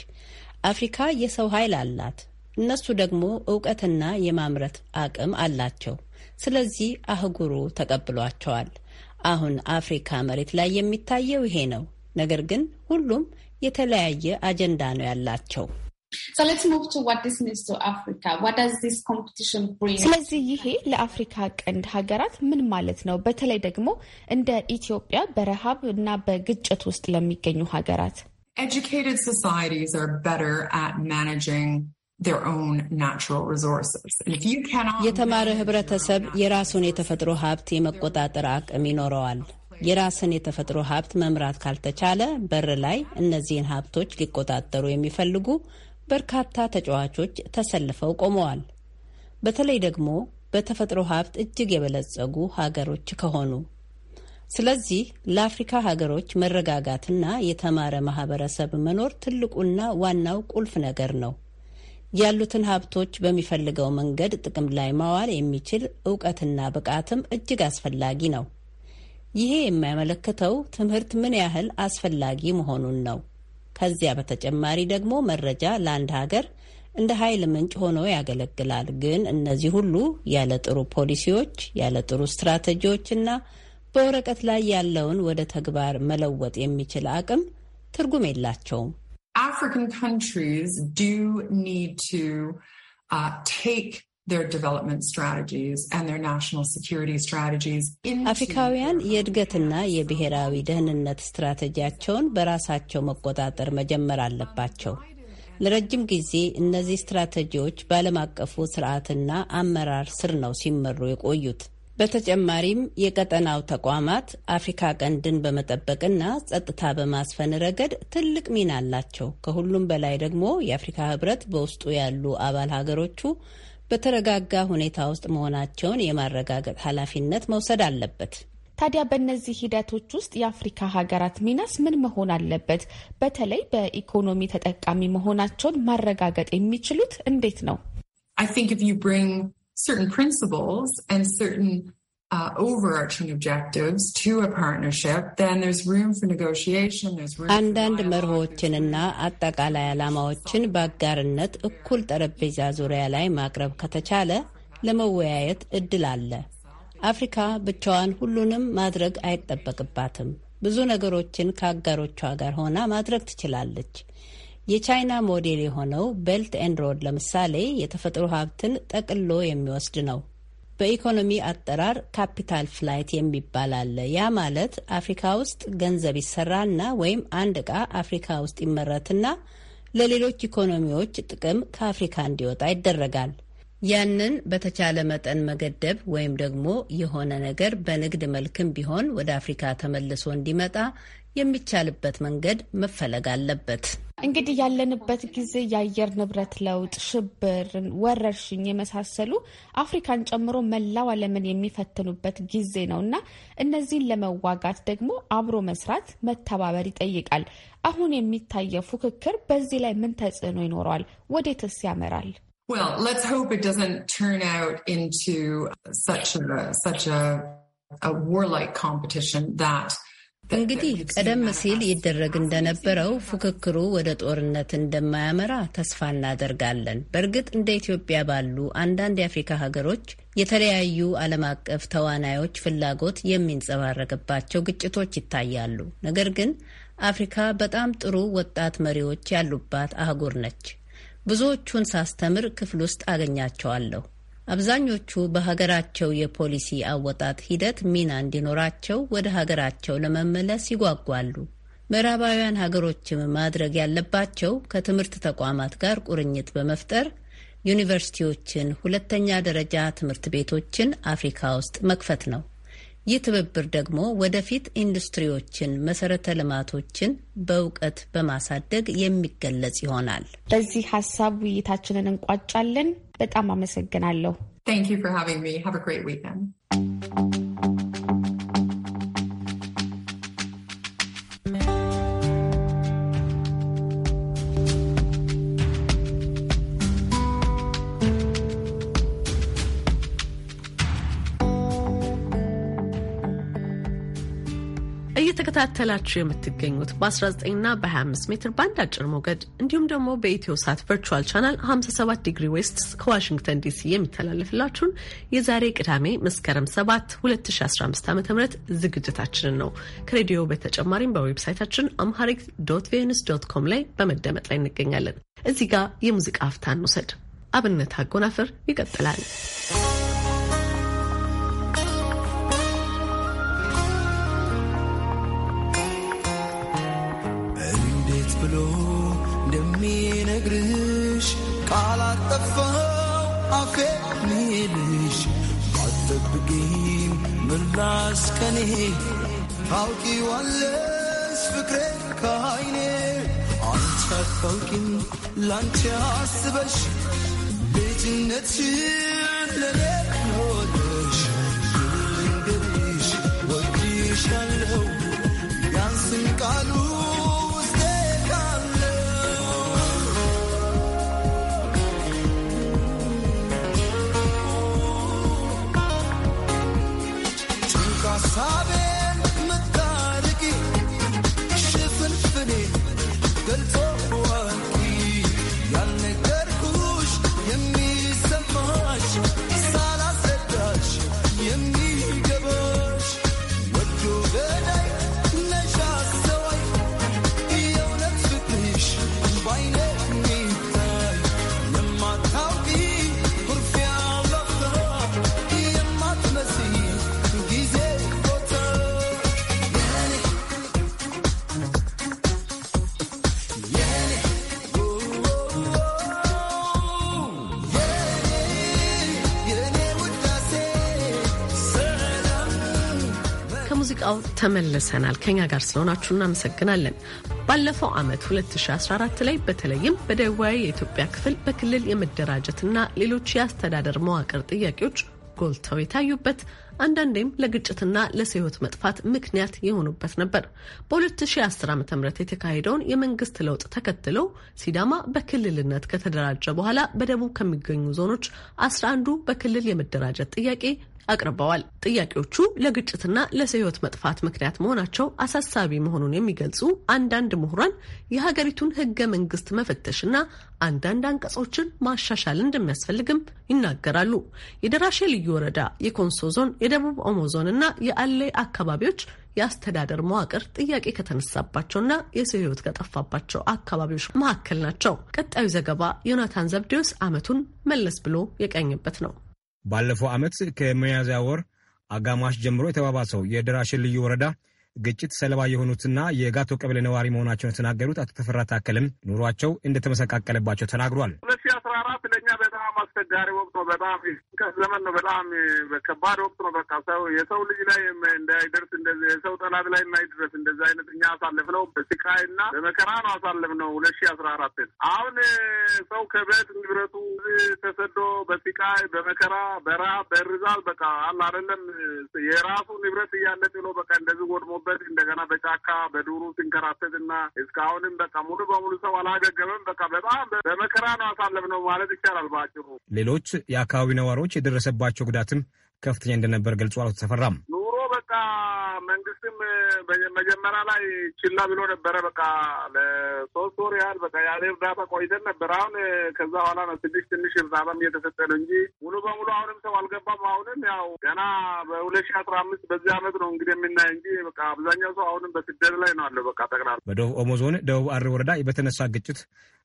አፍሪካ የሰው ኃይል አላት። እነሱ ደግሞ እውቀትና የማምረት አቅም አላቸው። ስለዚህ አህጉሩ ተቀብሏቸዋል። አሁን አፍሪካ መሬት ላይ የሚታየው ይሄ ነው። ነገር ግን ሁሉም የተለያየ አጀንዳ ነው ያላቸው። ስለዚህ ይሄ ለአፍሪካ ቀንድ ሀገራት ምን ማለት ነው? በተለይ ደግሞ እንደ ኢትዮጵያ በረሃብ እና በግጭት ውስጥ ለሚገኙ ሀገራት የተማረ ህብረተሰብ የራሱን የተፈጥሮ ሀብት የመቆጣጠር አቅም ይኖረዋል። የራስን የተፈጥሮ ሀብት መምራት ካልተቻለ በር ላይ እነዚህን ሀብቶች ሊቆጣጠሩ የሚፈልጉ በርካታ ተጫዋቾች ተሰልፈው ቆመዋል። በተለይ ደግሞ በተፈጥሮ ሀብት እጅግ የበለጸጉ ሀገሮች ከሆኑ። ስለዚህ ለአፍሪካ ሀገሮች መረጋጋትና የተማረ ማህበረሰብ መኖር ትልቁና ዋናው ቁልፍ ነገር ነው። ያሉትን ሀብቶች በሚፈልገው መንገድ ጥቅም ላይ ማዋል የሚችል እውቀትና ብቃትም እጅግ አስፈላጊ ነው። ይሄ የሚያመለክተው ትምህርት ምን ያህል አስፈላጊ መሆኑን ነው። ከዚያ በተጨማሪ ደግሞ መረጃ ለአንድ ሀገር እንደ ኃይል ምንጭ ሆኖ ያገለግላል። ግን እነዚህ ሁሉ ያለ ጥሩ ፖሊሲዎች፣ ያለ ጥሩ ስትራቴጂዎችና በወረቀት ላይ ያለውን ወደ ተግባር መለወጥ የሚችል አቅም ትርጉም የላቸውም። African countries do need to uh, take አፍሪካውያን የእድገትና የብሔራዊ ደህንነት ስትራቴጂያቸውን በራሳቸው መቆጣጠር መጀመር አለባቸው። ለረጅም ጊዜ እነዚህ ስትራቴጂዎች በዓለም አቀፉ ስርዓትና አመራር ስር ነው ሲመሩ የቆዩት። በተጨማሪም የቀጠናው ተቋማት አፍሪካ ቀንድን በመጠበቅና ጸጥታ በማስፈን ረገድ ትልቅ ሚና አላቸው። ከሁሉም በላይ ደግሞ የአፍሪካ ሕብረት በውስጡ ያሉ አባል ሀገሮቹ በተረጋጋ ሁኔታ ውስጥ መሆናቸውን የማረጋገጥ ኃላፊነት መውሰድ አለበት። ታዲያ በእነዚህ ሂደቶች ውስጥ የአፍሪካ ሀገራት ሚናስ ምን መሆን አለበት? በተለይ በኢኮኖሚ ተጠቃሚ መሆናቸውን ማረጋገጥ የሚችሉት እንዴት ነው? certain principles and certain uh, overarching objectives to a partnership, then there's room for negotiation. There's room አንዳንድ መርሆዎችንና አጠቃላይ ዓላማዎችን በአጋርነት እኩል ጠረጴዛ ዙሪያ ላይ ማቅረብ ከተቻለ ለመወያየት እድል አለ። አፍሪካ ብቻዋን ሁሉንም ማድረግ አይጠበቅባትም። ብዙ ነገሮችን ከአጋሮቿ ጋር ሆና ማድረግ ትችላለች። የቻይና ሞዴል የሆነው ቤልት ኤንድ ሮድ ለምሳሌ የተፈጥሮ ሀብትን ጠቅሎ የሚወስድ ነው። በኢኮኖሚ አጠራር ካፒታል ፍላይት የሚባል አለ። ያ ማለት አፍሪካ ውስጥ ገንዘብ ይሰራና ወይም አንድ ዕቃ አፍሪካ ውስጥ ይመረትና ለሌሎች ኢኮኖሚዎች ጥቅም ከአፍሪካ እንዲወጣ ይደረጋል። ያንን በተቻለ መጠን መገደብ ወይም ደግሞ የሆነ ነገር በንግድ መልክም ቢሆን ወደ አፍሪካ ተመልሶ እንዲመጣ የሚቻልበት መንገድ መፈለግ አለበት። እንግዲህ ያለንበት ጊዜ የአየር ንብረት ለውጥ፣ ሽብርን፣ ወረርሽኝ የመሳሰሉ አፍሪካን ጨምሮ መላው ዓለምን የሚፈትኑበት ጊዜ ነው እና እነዚህን ለመዋጋት ደግሞ አብሮ መስራት፣ መተባበር ይጠይቃል። አሁን የሚታየው ፉክክር በዚህ ላይ ምን ተጽዕኖ ይኖረዋል? ወዴትስ ያመራል? Well, let's hope it doesn't turn out into such a, such a, a warlike competition that እንግዲህ ቀደም ሲል ይደረግ እንደነበረው ፉክክሩ ወደ ጦርነት እንደማያመራ ተስፋ እናደርጋለን። በእርግጥ እንደ ኢትዮጵያ ባሉ አንዳንድ የአፍሪካ ሀገሮች የተለያዩ ዓለም አቀፍ ተዋናዮች ፍላጎት የሚንጸባረቅባቸው ግጭቶች ይታያሉ። ነገር ግን አፍሪካ በጣም ጥሩ ወጣት መሪዎች ያሉባት አህጉር ነች። ብዙዎቹን ሳስተምር ክፍል ውስጥ አገኛቸዋለሁ። አብዛኞቹ በሀገራቸው የፖሊሲ አወጣት ሂደት ሚና እንዲኖራቸው ወደ ሀገራቸው ለመመለስ ይጓጓሉ። ምዕራባውያን ሀገሮችም ማድረግ ያለባቸው ከትምህርት ተቋማት ጋር ቁርኝት በመፍጠር ዩኒቨርሲቲዎችን፣ ሁለተኛ ደረጃ ትምህርት ቤቶችን አፍሪካ ውስጥ መክፈት ነው። ይህ ትብብር ደግሞ ወደፊት ኢንዱስትሪዎችን፣ መሰረተ ልማቶችን በእውቀት በማሳደግ የሚገለጽ ይሆናል። በዚህ ሀሳብ ውይይታችንን እንቋጫለን። በጣም አመሰግናለሁ። እየተከታተላችሁ የምትገኙት በ19ና በ25 ሜትር ባንድ አጭር ሞገድ እንዲሁም ደግሞ በኢትዮ ሳት ቨርቹዋል ቻናል 57 ዲግሪ ዌስት ከዋሽንግተን ዲሲ የሚተላለፍላችሁን የዛሬ ቅዳሜ መስከረም 7 2015 ዓ ም ዝግጅታችንን ነው። ከሬዲዮ በተጨማሪም በዌብሳይታችን አምሃሪክ ዶት ቪኦኤ ዶት ኮም ላይ በመደመጥ ላይ እንገኛለን። እዚህ ጋር የሙዚቃ ሀፍታ እንውሰድ። አብነት አጎናፍር ይቀጥላል። ብሎ እንደሚነግርሽ ቃል አጠፋው አፌ ልልሽ ባትጠብቂኝ ምላሽ ከኔ ታውቂዋለሽ ፍቅሬ ከአይኔ አንቺ አታውቂም ላንቺ አስበሽ ልጅነትሽን ለኔ ኖረሽ ልንገርሽ ወድሻለሁ ያንስን ቃሉ ተመልሰናል። ከኛ ጋር ስለሆናችሁ እናመሰግናለን። ባለፈው ዓመት 2014 ላይ በተለይም በደቡባዊ የኢትዮጵያ ክፍል በክልል የመደራጀትና ሌሎች የአስተዳደር መዋቅር ጥያቄዎች ጎልተው የታዩበት አንዳንዴም ለግጭትና ለሰው ሕይወት መጥፋት ምክንያት የሆኑበት ነበር። በ2010 ዓ ም የተካሄደውን የመንግስት ለውጥ ተከትሎ ሲዳማ በክልልነት ከተደራጀ በኋላ በደቡብ ከሚገኙ ዞኖች 11ዱ በክልል የመደራጀት ጥያቄ አቅርበዋል። ጥያቄዎቹ ለግጭትና ለሰው መጥፋት ምክንያት መሆናቸው አሳሳቢ መሆኑን የሚገልጹ አንዳንድ ምሁራን የሀገሪቱን ሕገ መንግስት መፈተሽና አንዳንድ አንቀጾችን ማሻሻል እንደሚያስፈልግም ይናገራሉ። የደራሼ ልዩ ወረዳ፣ የኮንሶ ዞን፣ የደቡብ ኦሞ ዞን እና የአሌ አካባቢዎች የአስተዳደር መዋቅር ጥያቄ ከተነሳባቸውና የሰው ህይወት ከጠፋባቸው አካባቢዎች መካከል ናቸው። ቀጣዩ ዘገባ ዮናታን ዘብዴዎስ ዓመቱን መለስ ብሎ የቀኝበት ነው። ባለፈው ዓመት ከሚያዝያ ወር አጋማሽ ጀምሮ የተባባሰው የደራሽን ልዩ ወረዳ ግጭት ሰለባ የሆኑትና የጋቶ ቀበሌ ነዋሪ መሆናቸውን የተናገሩት አቶ ተፈራ ታከልም ኑሯቸው እንደተመሰቃቀለባቸው ተናግሯል። ሁለት ሺ አስራ አራት ለእኛ በጣም አስቸጋሪ ወቅት ነው። በጣም ዘመን ነው። በጣም ከባድ ወቅት ነው። በቃ ሰው የሰው ልጅ ላይ እንዳይደርስ እንደዚህ የሰው ጠላት ላይ እንዳይደረስ እንደዚህ አይነት እኛ አሳልፍነው በስቃይ እና በመከራ ነው አሳልፍነው ሁለት ሺ አስራ አራት አሁን ሰው ከቤት ንብረቱ ተሰዶ በስቃይ በመከራ በራ በርዛል በቃ አለ አይደለም የራሱ ንብረት እያለ ጥሎ በቃ እንደዚህ ወድሞበት እንደገና በጫካ በዱሩ ሲንከራተት እና እስካሁንም በቃ ሙሉ በሙሉ ሰው አላገገመም። በቃ በጣም በመከራ ነው አሳልፍነው ነው ማለት ይቻላል በአጭሩ። ሌሎች የአካባቢ ነዋሪዎች የደረሰባቸው ጉዳትም ከፍተኛ እንደነበር ገልጿል። ተፈራም ኑሮ በቃ መንግስትም መጀመሪያ ላይ ችላ ብሎ ነበረ። በቃ ለሶስት ወር ያህል በቃ ያለ እርዳታ ቆይተን ነበር። አሁን ከዛ በኋላ ነው ትንሽ ትንሽ እርዳታም እየተሰጠ ነው እንጂ ሙሉ በሙሉ አሁንም ሰው አልገባም። አሁንም ያው ገና በሁለት ሺ አስራ አምስት በዚህ አመት ነው እንግዲህ የምናይ እንጂ በቃ አብዛኛው ሰው አሁንም በስደት ላይ ነው አለው። በቃ ጠቅላላ በደቡብ ኦሞ ዞን ደቡብ አሪ ወረዳ በተነሳ ግጭት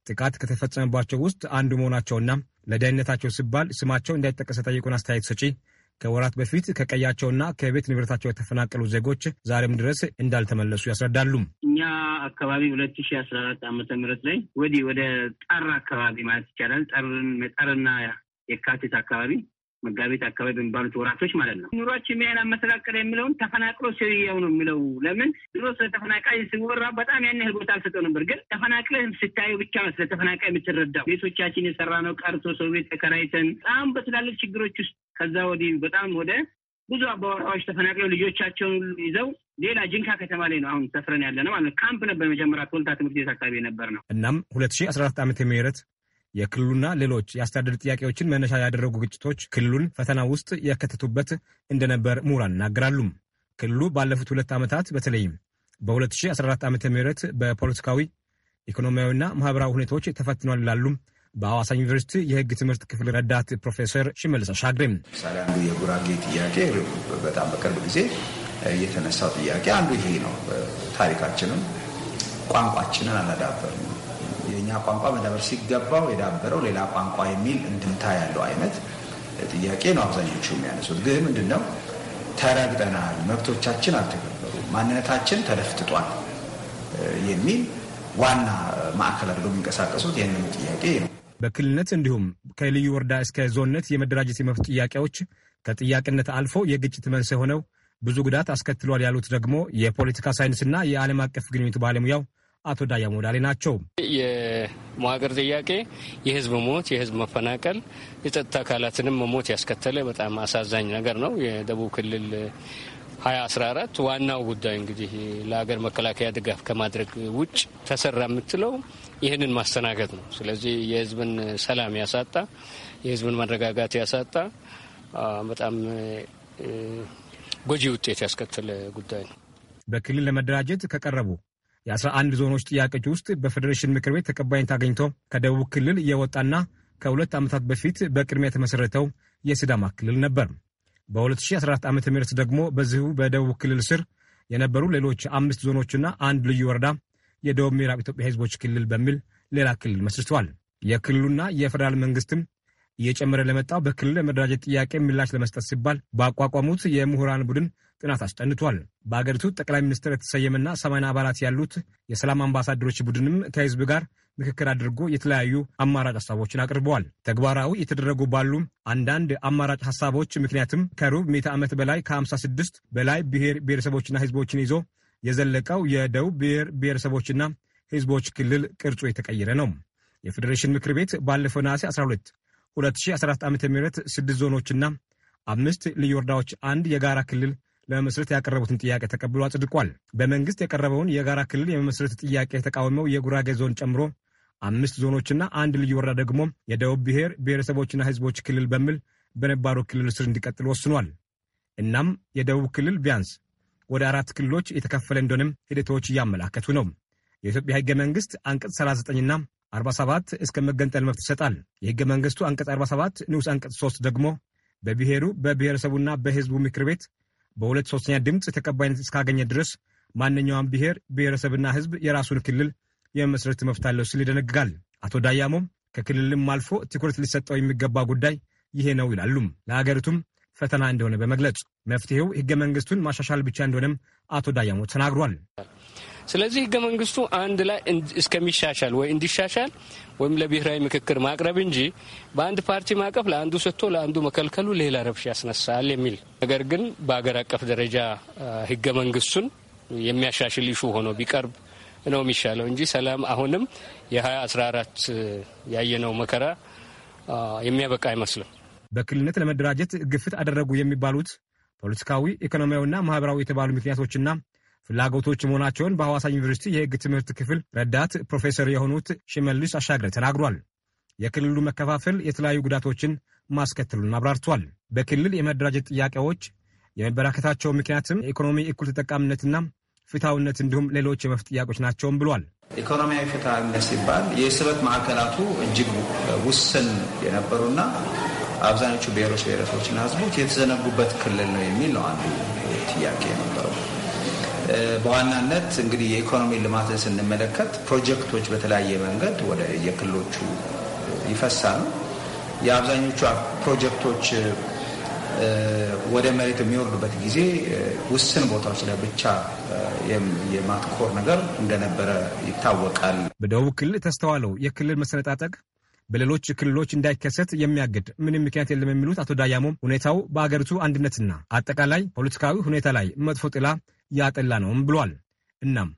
ጥቃት ከተፈጸመባቸው ውስጥ አንዱ መሆናቸውና ለደህንነታቸው ሲባል ስማቸው እንዳይጠቀስ የጠየቁን አስተያየት ሰጪ ከወራት በፊት ከቀያቸውና ከቤት ንብረታቸው የተፈናቀሉ ዜጎች ዛሬም ድረስ እንዳልተመለሱ ያስረዳሉ። እኛ አካባቢ ሁለት ሺ አስራ አራት ዓመተ ምህረት ላይ ወዲህ ወደ ጠር አካባቢ ማለት ይቻላል ጠርና የካቲት አካባቢ መጋቢት አካባቢ በሚባሉት ወራቶች ማለት ነው። ኑሯችን ምን ያህል የሚለውን ተፈናቅሎ ሰውየው ነው የሚለው። ለምን ድሮ ስለ ሲወራ በጣም ያን ያህል ቦታ አልሰጠው ነበር፣ ግን ተፈናቅለህ ስታዩ ብቻ ነው ስለ የምትረዳው። ቤቶቻችን የሰራ ነው ቀርቶ ሰው ቤት ተከራይተን በጣም በትላልቅ ችግሮች ውስጥ ከዛ ወዲህ በጣም ወደ ብዙ አባወራዎች ተፈናቅለው ልጆቻቸውን ይዘው ሌላ ጅንካ ከተማ ላይ ነው አሁን ሰፍረን ያለ ነው ማለት ነው። ካምፕ ነበር መጀመሪያ ቶልታ ትምህርት ቤት አካባቢ የነበር ነው። እናም ሁለት ሺ አስራ አራት ዓመተ ምህረት የክልሉና ሌሎች የአስተዳደር ጥያቄዎችን መነሻ ያደረጉ ግጭቶች ክልሉን ፈተና ውስጥ ያከተቱበት እንደነበር ምሁራን ይናገራሉ። ክልሉ ባለፉት ሁለት ዓመታት በተለይም በ2014 ዓ ም በፖለቲካዊ ኢኮኖሚያዊና ማህበራዊ ሁኔታዎች ተፈትኗል ይላሉ በአዋሳ ዩኒቨርሲቲ የሕግ ትምህርት ክፍል ረዳት ፕሮፌሰር ሽመልስ አሻግሬም። ምሳሌ አንዱ የጉራጌ ጥያቄ በጣም በቅርብ ጊዜ የተነሳው ጥያቄ አንዱ ይሄ ነው። ታሪካችንም ቋንቋችንን አላዳበርንም። ቋንቋ መዳበር ሲገባው የዳበረው ሌላ ቋንቋ የሚል እንድምታ ያለው አይነት ጥያቄ ነው አብዛኞቹ የሚያነሱት። ግን ምንድነው ተረግጠናል፣ መብቶቻችን አልተከበሩም፣ ማንነታችን ተደፍትጧል የሚል ዋና ማዕከል አድርገው የሚንቀሳቀሱት ይህንን ጥያቄ ነው። በክልልነት እንዲሁም ከልዩ ወረዳ እስከ ዞንነት የመደራጀት የመብት ጥያቄዎች ከጥያቄነት አልፎ የግጭት መንስኤ ሆነው ብዙ ጉዳት አስከትሏል ያሉት ደግሞ የፖለቲካ ሳይንስና የዓለም አቀፍ ግንኙነት ባለሙያው አቶ ዳያ ሞዳሌ ናቸው። የመዋቅር ጥያቄ የህዝብ ሞት፣ የህዝብ መፈናቀል፣ የጸጥታ አካላትንም መሞት ያስከተለ በጣም አሳዛኝ ነገር ነው። የደቡብ ክልል 2014 ዋናው ጉዳይ እንግዲህ ለሀገር መከላከያ ድጋፍ ከማድረግ ውጭ ተሰራ የምትለው ይህንን ማስተናገድ ነው። ስለዚህ የህዝብን ሰላም ያሳጣ፣ የህዝብን መረጋጋት ያሳጣ በጣም ጎጂ ውጤት ያስከተለ ጉዳይ ነው። በክልል ለመደራጀት ከቀረቡ የአስራ አንድ ዞኖች ጥያቄዎች ውስጥ በፌዴሬሽን ምክር ቤት ተቀባይነት አገኝቶ ከደቡብ ክልል የወጣና ከሁለት ዓመታት በፊት በቅድሚያ የተመሠረተው የሲዳማ ክልል ነበር። በ2014 ዓ ም ደግሞ በዚሁ በደቡብ ክልል ስር የነበሩ ሌሎች አምስት ዞኖችና አንድ ልዩ ወረዳ የደቡብ ምዕራብ ኢትዮጵያ ሕዝቦች ክልል በሚል ሌላ ክልል መስርተዋል። የክልሉና የፌዴራል መንግስትም እየጨመረ ለመጣው በክልል የመደራጀት ጥያቄ ምላሽ ለመስጠት ሲባል ባቋቋሙት የምሁራን ቡድን ጥናት አስጠንቷል። በአገሪቱ ጠቅላይ ሚኒስትር የተሰየመና ሰማንያ አባላት ያሉት የሰላም አምባሳደሮች ቡድንም ከህዝብ ጋር ምክክር አድርጎ የተለያዩ አማራጭ ሀሳቦችን አቅርበዋል። ተግባራዊ የተደረጉ ባሉ አንዳንድ አማራጭ ሀሳቦች ምክንያትም ከሩብ ምዕተ ዓመት በላይ ከ56 በላይ ብሔር ብሔረሰቦችና ህዝቦችን ይዞ የዘለቀው የደቡብ ብሔር ብሔረሰቦችና ህዝቦች ክልል ቅርጹ የተቀየረ ነው። የፌዴሬሽን ምክር ቤት ባለፈው ነሐሴ 12 2014 ዓ ም ስድስት ዞኖችና አምስት ልዩ ወረዳዎች አንድ የጋራ ክልል ለመመስረት ያቀረቡትን ጥያቄ ተቀብሎ አጽድቋል። በመንግስት የቀረበውን የጋራ ክልል የመመስረት ጥያቄ የተቃወመው የጉራጌ ዞን ጨምሮ አምስት ዞኖችና አንድ ልዩ ወረዳ ደግሞ የደቡብ ብሔር ብሔረሰቦችና ህዝቦች ክልል በሚል በነባሩ ክልል ስር እንዲቀጥል ወስኗል። እናም የደቡብ ክልል ቢያንስ ወደ አራት ክልሎች የተከፈለ እንደሆነም ሂደቶች እያመላከቱ ነው። የኢትዮጵያ ህገ መንግስት አንቀጽ 39ና 47 እስከ መገንጠል መብት ይሰጣል። የህገ መንግስቱ አንቀጽ 47 ንዑስ አንቀጽ 3 ደግሞ በብሔሩ በብሔረሰቡና በህዝቡ ምክር ቤት በሁለት ሶስተኛ ድምፅ ተቀባይነት እስካገኘ ድረስ ማንኛውም ብሔር ብሔረሰብና ህዝብ የራሱን ክልል የመስረት መብት አለው ሲል ይደነግጋል። አቶ ዳያሞም ከክልልም አልፎ ትኩረት ሊሰጠው የሚገባ ጉዳይ ይሄ ነው ይላሉም። ለሀገሪቱም ፈተና እንደሆነ በመግለጽ መፍትሄው ህገ መንግስቱን ማሻሻል ብቻ እንደሆነም አቶ ዳያሞ ተናግሯል። ስለዚህ ህገ መንግስቱ አንድ ላይ እስከሚሻሻል ወይ እንዲሻሻል ወይም ለብሔራዊ ምክክር ማቅረብ እንጂ በአንድ ፓርቲ ማቀፍ ለአንዱ ሰጥቶ ለአንዱ መከልከሉ ሌላ ረብሻ ያስነሳል የሚል ነገር ግን በሀገር አቀፍ ደረጃ ህገ መንግስቱን የሚያሻሽል ይሹ ሆኖ ቢቀርብ ነው የሚሻለው እንጂ ሰላም አሁንም የ2014 ያየነው መከራ የሚያበቃ አይመስልም። በክልልነት ለመደራጀት ግፍት አደረጉ የሚባሉት ፖለቲካዊ፣ ኢኮኖሚያዊና ማህበራዊ የተባሉ ምክንያቶችና ፍላጎቶች መሆናቸውን በሐዋሳ ዩኒቨርሲቲ የሕግ ትምህርት ክፍል ረዳት ፕሮፌሰር የሆኑት ሽመልስ አሻግረ ተናግሯል። የክልሉ መከፋፈል የተለያዩ ጉዳቶችን ማስከተሉን አብራርቷል። በክልል የመደራጀት ጥያቄዎች የመበራከታቸው ምክንያትም የኢኮኖሚ እኩል ተጠቃሚነትና ፍትሐዊነት እንዲሁም ሌሎች የመፍት ጥያቄዎች ናቸውም ብሏል። ኢኮኖሚያዊ ፍትሐዊነት ሲባል የስበት ማዕከላቱ እጅግ ውስን የነበሩና አብዛኞቹ ብሔሮች ብሔረሰቦችና ህዝቦች የተዘነጉበት ክልል ነው የሚል ነው አንዱ ጥያቄ የነበረው። በዋናነት እንግዲህ የኢኮኖሚ ልማትን ስንመለከት ፕሮጀክቶች በተለያየ መንገድ ወደ የክልሎቹ ይፈሳሉ። የአብዛኞቹ ፕሮጀክቶች ወደ መሬት የሚወርዱበት ጊዜ ውስን ቦታዎች ላይ ብቻ የማትኮር ነገር እንደነበረ ይታወቃል። በደቡብ ክልል የተስተዋለው የክልል መሰነጣጠቅ በሌሎች ክልሎች እንዳይከሰት የሚያግድ ምንም ምክንያት የለም የሚሉት አቶ ዳያሞም ሁኔታው በአገሪቱ አንድነትና አጠቃላይ ፖለቲካዊ ሁኔታ ላይ መጥፎ ጥላ ያጠላ ነውም ብሏል። እናም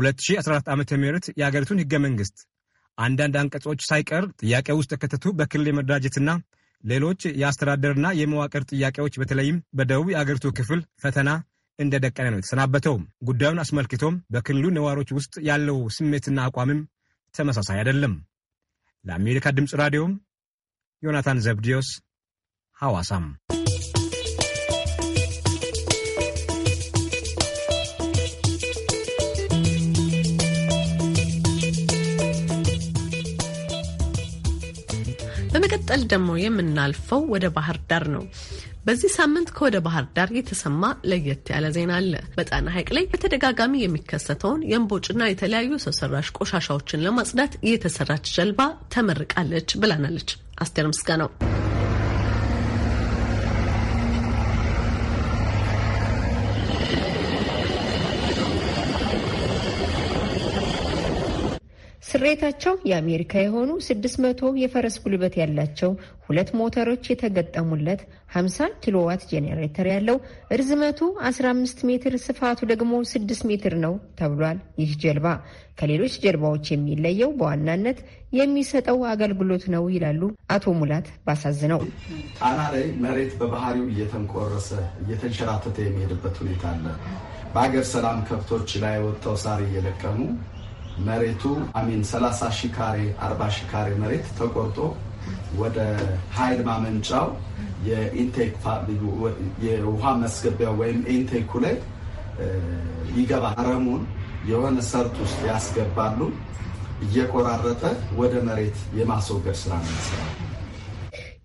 2014 ዓ ም የአገሪቱን ህገ መንግስት አንዳንድ አንቀጾች ሳይቀር ጥያቄ ውስጥ ተከተቱ በክልል የመደራጀትና ሌሎች የአስተዳደርና የመዋቅር ጥያቄዎች በተለይም በደቡብ የአገሪቱ ክፍል ፈተና እንደደቀነ ነው የተሰናበተው። ጉዳዩን አስመልክቶም በክልሉ ነዋሪዎች ውስጥ ያለው ስሜትና አቋምም ተመሳሳይ አይደለም። ለአሜሪካ ድምፅ ራዲዮም ዮናታን ዘብዲዮስ ሐዋሳም በመቀጠል ደግሞ የምናልፈው ወደ ባህር ዳር ነው። በዚህ ሳምንት ከወደ ባህር ዳር የተሰማ ለየት ያለ ዜና አለ። በጣና ሐይቅ ላይ በተደጋጋሚ የሚከሰተውን የእምቦጭና የተለያዩ ሰው ሰራሽ ቆሻሻዎችን ለማጽዳት የተሰራች ጀልባ ተመርቃለች ብላናለች አስቴር ምስጋናው። ቅሬታቸው የአሜሪካ የሆኑ 600 የፈረስ ጉልበት ያላቸው ሁለት ሞተሮች የተገጠሙለት 50 ኪሎዋት ጄኔሬተር ያለው ርዝመቱ 15 ሜትር ስፋቱ ደግሞ 6 ሜትር ነው ተብሏል። ይህ ጀልባ ከሌሎች ጀልባዎች የሚለየው በዋናነት የሚሰጠው አገልግሎት ነው ይላሉ አቶ ሙላት ባሳዝነው። ጣና ላይ መሬት በባህሪው እየተንቆረሰ እየተንሸራተተ የሚሄድበት ሁኔታ አለ። በሀገር ሰላም ከብቶች ላይ ወጥተው ሳር እየለቀሙ መሬቱ አሚን 30 ሺ ካሬ 40 ሺ ካሬ መሬት ተቆርጦ ወደ ኃይል ማመንጫው የውሃ ማስገቢያ ወይም ኢንቴኩ ላይ ይገባ አረሙን የሆነ ሰርት ውስጥ ያስገባሉ። እየቆራረጠ ወደ መሬት የማስወገድ ስራ ነው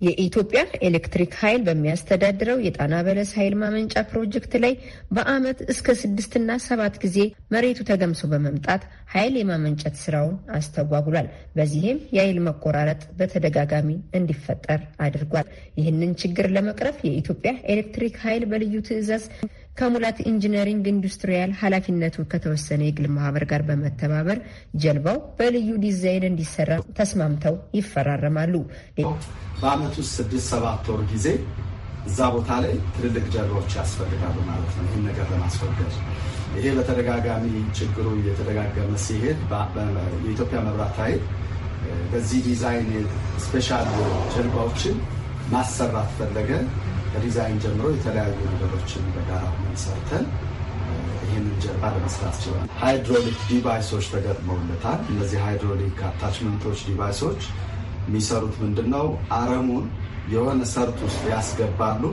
የኢትዮጵያ ኤሌክትሪክ ኃይል በሚያስተዳድረው የጣና በለስ ኃይል ማመንጫ ፕሮጀክት ላይ በአመት እስከ ስድስትና ሰባት ጊዜ መሬቱ ተገምሶ በመምጣት ኃይል የማመንጨት ስራውን አስተጓጉሏል። በዚህም የኃይል መቆራረጥ በተደጋጋሚ እንዲፈጠር አድርጓል። ይህንን ችግር ለመቅረፍ የኢትዮጵያ ኤሌክትሪክ ኃይል በልዩ ትዕዛዝ ከሙላት ኢንጂነሪንግ ኢንዱስትሪያል ኃላፊነቱ ከተወሰነ የግል ማህበር ጋር በመተባበር ጀልባው በልዩ ዲዛይን እንዲሰራ ተስማምተው ይፈራረማሉ። በአመት ውስጥ ስድስት ሰባት ወር ጊዜ እዛ ቦታ ላይ ትልልቅ ጀልባዎች ያስፈልጋሉ ማለት ነው፣ ይህን ነገር ለማስወገድ። ይሄ በተደጋጋሚ ችግሩ እየተደጋገመ ሲሄድ የኢትዮጵያ መብራት ኃይል በዚህ ዲዛይን ስፔሻል ጀልባዎችን ማሰራት ፈለገ። ከዲዛይን ጀምሮ የተለያዩ ነገሮችን በጋራ ሰርተን ይህንን ጀልባ ለመስራት ችሏል። ሃይድሮሊክ ዲቫይሶች ተገጥመውለታል። እነዚህ ሃይድሮሊክ አታችመንቶች ዲቫይሶች የሚሰሩት ምንድን ነው አረሙን የሆነ ሰርት ውስጥ ያስገባሉ።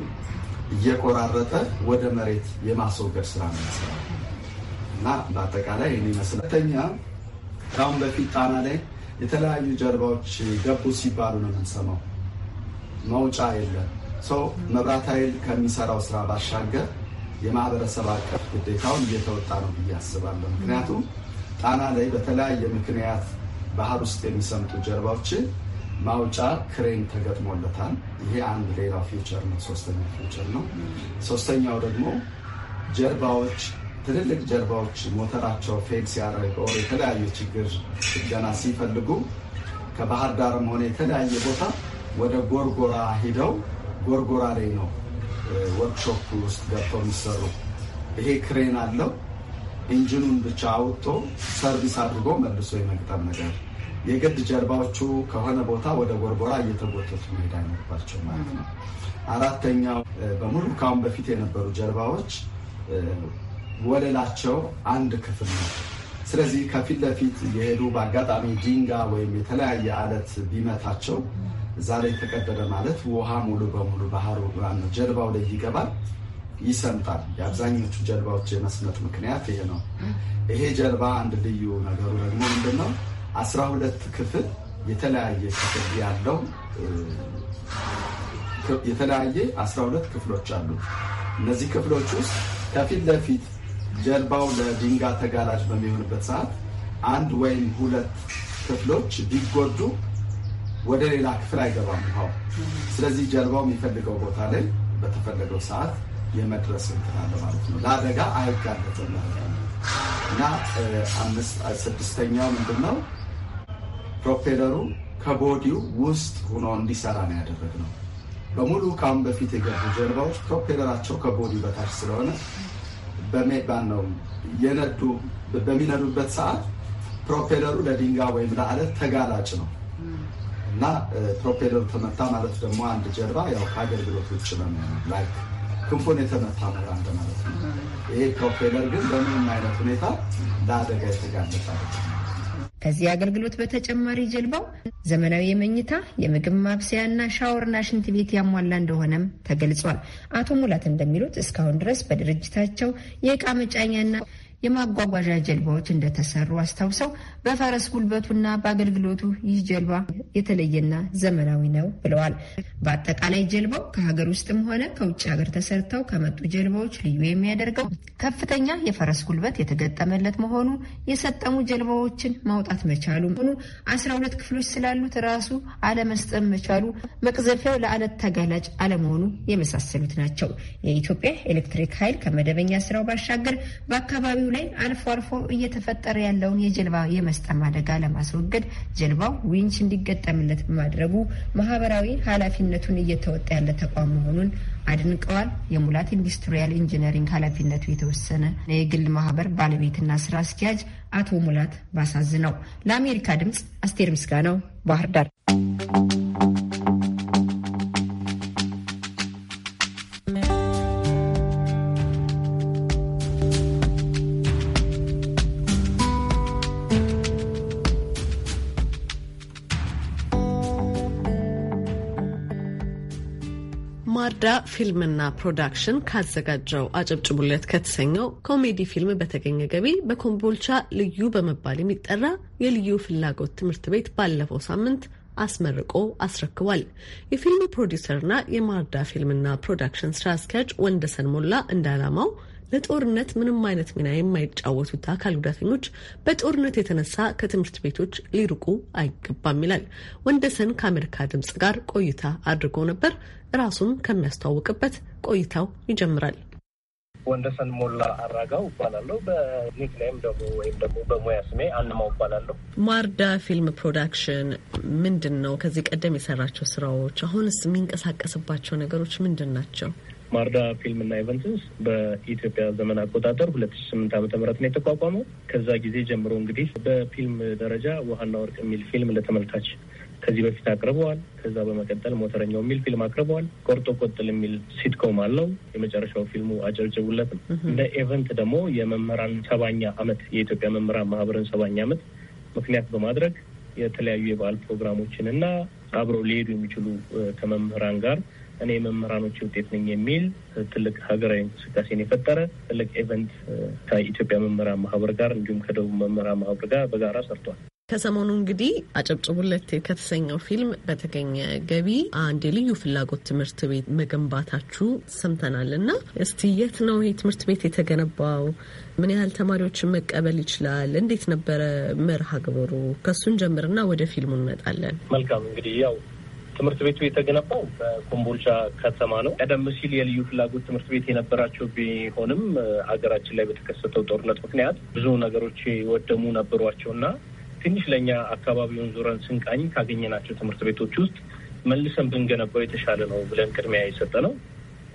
እየቆራረጠ ወደ መሬት የማስወገድ ስራ ነው የሚሰራው እና በአጠቃላይ ይህን ይመስላል። ሁለተኛ ከአሁን በፊት ጣና ላይ የተለያዩ ጀልባዎች ገቡ ሲባሉ ነው የምንሰማው። መውጫ የለም። ሰው መብራት ኃይል ከሚሰራው ስራ ባሻገር የማህበረሰብ አቀፍ ግዴታውን እየተወጣ ነው ብዬ አስባለሁ። ምክንያቱም ጣና ላይ በተለያየ ምክንያት ባህር ውስጥ የሚሰምጡ ጀልባዎችን ማውጫ ክሬን ተገጥሞለታል። ይሄ አንድ ሌላ ፊውቸር ነው። ሶስተኛ ፊውቸር ነው። ሶስተኛው ደግሞ ጀርባዎች፣ ትልልቅ ጀልባዎች ሞተራቸው ፌል ሲያደርግ ኦር የተለያዩ ችግር ጥገና ሲፈልጉ ከባህር ዳርም ሆነ የተለያየ ቦታ ወደ ጎርጎራ ሂደው ጎርጎራ ላይ ነው ወርክሾፕ ውስጥ ገብተው የሚሰሩ ይሄ ክሬን አለው ኢንጂኑን ብቻ አውጥቶ ሰርቪስ አድርጎ መልሶ የመግጠም ነገር የግድ ጀልባዎቹ ከሆነ ቦታ ወደ ጎርጎራ እየተጎተቱ መሄድ አይኖርባቸው ማለት ነው። አራተኛው በሙሉ ከአሁን በፊት የነበሩ ጀልባዎች ወለላቸው አንድ ክፍል ነው። ስለዚህ ከፊት ለፊት የሄዱ በአጋጣሚ ድንጋይ ወይም የተለያየ አለት ቢመታቸው እዛ ላይ ተቀደደ ማለት ውሃ ሙሉ በሙሉ ባህሩ ጀልባው ላይ ይገባል፣ ይሰምጣል። የአብዛኞቹ ጀልባዎች የመስመጥ ምክንያት ይሄ ነው። ይሄ ጀልባ አንድ ልዩ ነገሩ ደግሞ ምንድን ነው? አስራ ሁለት ክፍል የተለያየ ክፍል ያለው የተለያየ ሁለት ክፍሎች አሉ። እነዚህ ክፍሎች ውስጥ ከፊት ለፊት ጀልባው ለድንጋይ ተጋላጭ በሚሆንበት ሰዓት አንድ ወይም ሁለት ክፍሎች ቢጎዱ ወደ ሌላ ክፍል አይገባም ውሃው። ስለዚህ ጀልባው የሚፈልገው ቦታ ላይ በተፈለገው ሰዓት የመድረስ እንትን አለ ማለት ነው። ለአደጋ አይጋለጥም እና ስድስተኛው ምንድን ነው? ፕሮፔለሩ ከቦዲው ውስጥ ሆኖ እንዲሰራ ነው ያደረግነው። በሙሉ ከአሁን በፊት የገቡ ጀልባዎች ፕሮፔለራቸው ከቦዲው በታች ስለሆነ በሜባን ነው የነዱ። በሚነዱበት ሰዓት ፕሮፔለሩ ለድንጋይ ወይም ለአለት ተጋላጭ ነው እና ፕሮፔለሩ ተመታ ማለት ደግሞ አንድ ጀልባ ያው ከአገልግሎት ውጭ ነው ላይ ክንፉን የተመታ ነው አንድ ማለት ነው። ይሄ ፕሮፔለር ግን በምንም አይነት ሁኔታ ለአደጋ የተጋለጠ ከዚህ አገልግሎት በተጨማሪ ጀልባው ዘመናዊ የመኝታ የምግብ ማብሰያና ሻወርና ሽንት ቤት ያሟላ እንደሆነም ተገልጿል። አቶ ሙላት እንደሚሉት እስካሁን ድረስ በድርጅታቸው የእቃ መጫኛና የማጓጓዣ ጀልባዎች እንደተሰሩ አስታውሰው በፈረስ ጉልበቱና በአገልግሎቱ ይህ ጀልባ የተለየና ዘመናዊ ነው ብለዋል። በአጠቃላይ ጀልባው ከሀገር ውስጥም ሆነ ከውጭ ሀገር ተሰርተው ከመጡ ጀልባዎች ልዩ የሚያደርገው ከፍተኛ የፈረስ ጉልበት የተገጠመለት መሆኑ፣ የሰጠሙ ጀልባዎችን ማውጣት መቻሉ ሆኑ አስራ ሁለት ክፍሎች ስላሉት ራሱ አለመስጠም መቻሉ፣ መቅዘፊያው ለአለት ተጋላጭ አለመሆኑ የመሳሰሉት ናቸው። የኢትዮጵያ ኤሌክትሪክ ኃይል ከመደበኛ ስራው ባሻገር በአካባቢው ላይ አልፎ አልፎ እየተፈጠረ ያለውን የጀልባ የመስጠም አደጋ ለማስወገድ ጀልባው ዊንች እንዲገጠምለት በማድረጉ ማህበራዊ ኃላፊነቱን እየተወጣ ያለ ተቋም መሆኑን አድንቀዋል። የሙላት ኢንዱስትሪያል ኢንጂነሪንግ ኃላፊነቱ የተወሰነ የግል ማህበር ባለቤትና ስራ አስኪያጅ አቶ ሙላት ባሳዝ ነው። ለአሜሪካ ድምፅ አስቴር ምስጋናው ባህር ዳር ዋርዳ ፊልምና ፕሮዳክሽን ካዘጋጀው አጨብጭቡለት ከተሰኘው ኮሜዲ ፊልም በተገኘ ገቢ በኮምቦልቻ ልዩ በመባል የሚጠራ የልዩ ፍላጎት ትምህርት ቤት ባለፈው ሳምንት አስመርቆ አስረክቧል። የፊልም ፕሮዲውሰርና የማርዳ ፊልምና ፕሮዳክሽን ስራ አስኪያጅ ወንደሰን ሞላ እንደ ዓላማው ለጦርነት ምንም አይነት ሚና የማይጫወቱት አካል ጉዳተኞች በጦርነት የተነሳ ከትምህርት ቤቶች ሊርቁ አይገባም ይላል። ወንደሰን ከአሜሪካ ድምጽ ጋር ቆይታ አድርጎ ነበር። ራሱን ከሚያስተዋውቅበት ቆይታው ይጀምራል። ወንደሰን ሞላ አራጋው እባላለሁ። በኒክኔም ደግሞ ወይም ደግሞ በሙያ ስሜ አንማው እባላለሁ። ማርዳ ፊልም ፕሮዳክሽን ምንድን ነው? ከዚህ ቀደም የሰራቸው ስራዎች፣ አሁንስ የሚንቀሳቀስባቸው ነገሮች ምንድን ናቸው? ማርዳ ፊልም እና ኢቨንትስ በኢትዮጵያ ዘመን አቆጣጠር ሁለት ሺ ስምንት ዓመተ ምህረት ነው የተቋቋመው። ከዛ ጊዜ ጀምሮ እንግዲህ በፊልም ደረጃ ውሃና ወርቅ የሚል ፊልም ለተመልካች ከዚህ በፊት አቅርበዋል። ከዛ በመቀጠል ሞተረኛው የሚል ፊልም አቅርበዋል። ቆርጦ ቆጥል የሚል ሲትኮም አለው። የመጨረሻው ፊልሙ አጨብጭቡለት ነው። እንደ ኤቨንት ደግሞ የመምህራን ሰባኛ ዓመት የኢትዮጵያ መምህራን ማህበርን ሰባኛ ዓመት ምክንያት በማድረግ የተለያዩ የበዓል ፕሮግራሞችን እና አብረው ሊሄዱ የሚችሉ ከመምህራን ጋር እኔ መምህራኖች ውጤት ነኝ የሚል ትልቅ ሀገራዊ እንቅስቃሴን የፈጠረ ትልቅ ኤቨንት ከኢትዮጵያ መምህራን ማህበር ጋር እንዲሁም ከደቡብ መምህራን ማህበር ጋር በጋራ ሰርቷል። ከሰሞኑ እንግዲህ አጨብጭቡለት ከተሰኘው ፊልም በተገኘ ገቢ አንድ የልዩ ፍላጎት ትምህርት ቤት መገንባታችሁ ሰምተናል እና እስቲ የት ነው ይህ ትምህርት ቤት የተገነባው? ምን ያህል ተማሪዎችን መቀበል ይችላል? እንዴት ነበረ መርሃ ግብሩ? ከሱን ጀምርና ወደ ፊልሙ እንመጣለን። መልካም እንግዲህ ያው ትምህርት ቤቱ የተገነባው በኮምቦልቻ ከተማ ነው። ቀደም ሲል የልዩ ፍላጎት ትምህርት ቤት የነበራቸው ቢሆንም ሀገራችን ላይ በተከሰተው ጦርነት ምክንያት ብዙ ነገሮች ወደሙ ነበሯቸው እና ትንሽ ለእኛ አካባቢውን ዙረን ስንቃኝ ካገኘናቸው ትምህርት ቤቶች ውስጥ መልሰን ብንገነባው የተሻለ ነው ብለን ቅድሚያ የሰጠ ነው።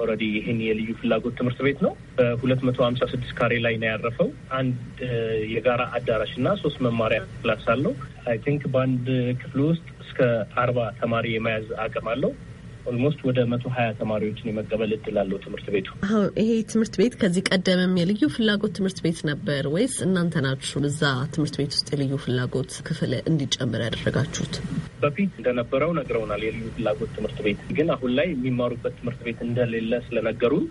ኦልሬዲ ይህን የልዩ ፍላጎት ትምህርት ቤት ነው በሁለት መቶ ሀምሳ ስድስት ካሬ ላይ ነው ያረፈው። አንድ የጋራ አዳራሽ እና ሶስት መማሪያ ክላስ አለው። አይ ቲንክ በአንድ ክፍል ውስጥ እስከ አርባ ተማሪ የመያዝ አቅም አለው። ኦልሞስት ወደ መቶ ሀያ ተማሪዎችን የመቀበል እድል አለው ትምህርት ቤቱ። አሁን ይሄ ትምህርት ቤት ከዚህ ቀደምም የልዩ ፍላጎት ትምህርት ቤት ነበር ወይስ እናንተ ናችሁ እዛ ትምህርት ቤት ውስጥ የልዩ ፍላጎት ክፍል እንዲጨምር ያደረጋችሁት? በፊት እንደነበረው ነግረውናል፣ የልዩ ፍላጎት ትምህርት ቤት ግን አሁን ላይ የሚማሩበት ትምህርት ቤት እንደሌለ ስለነገሩን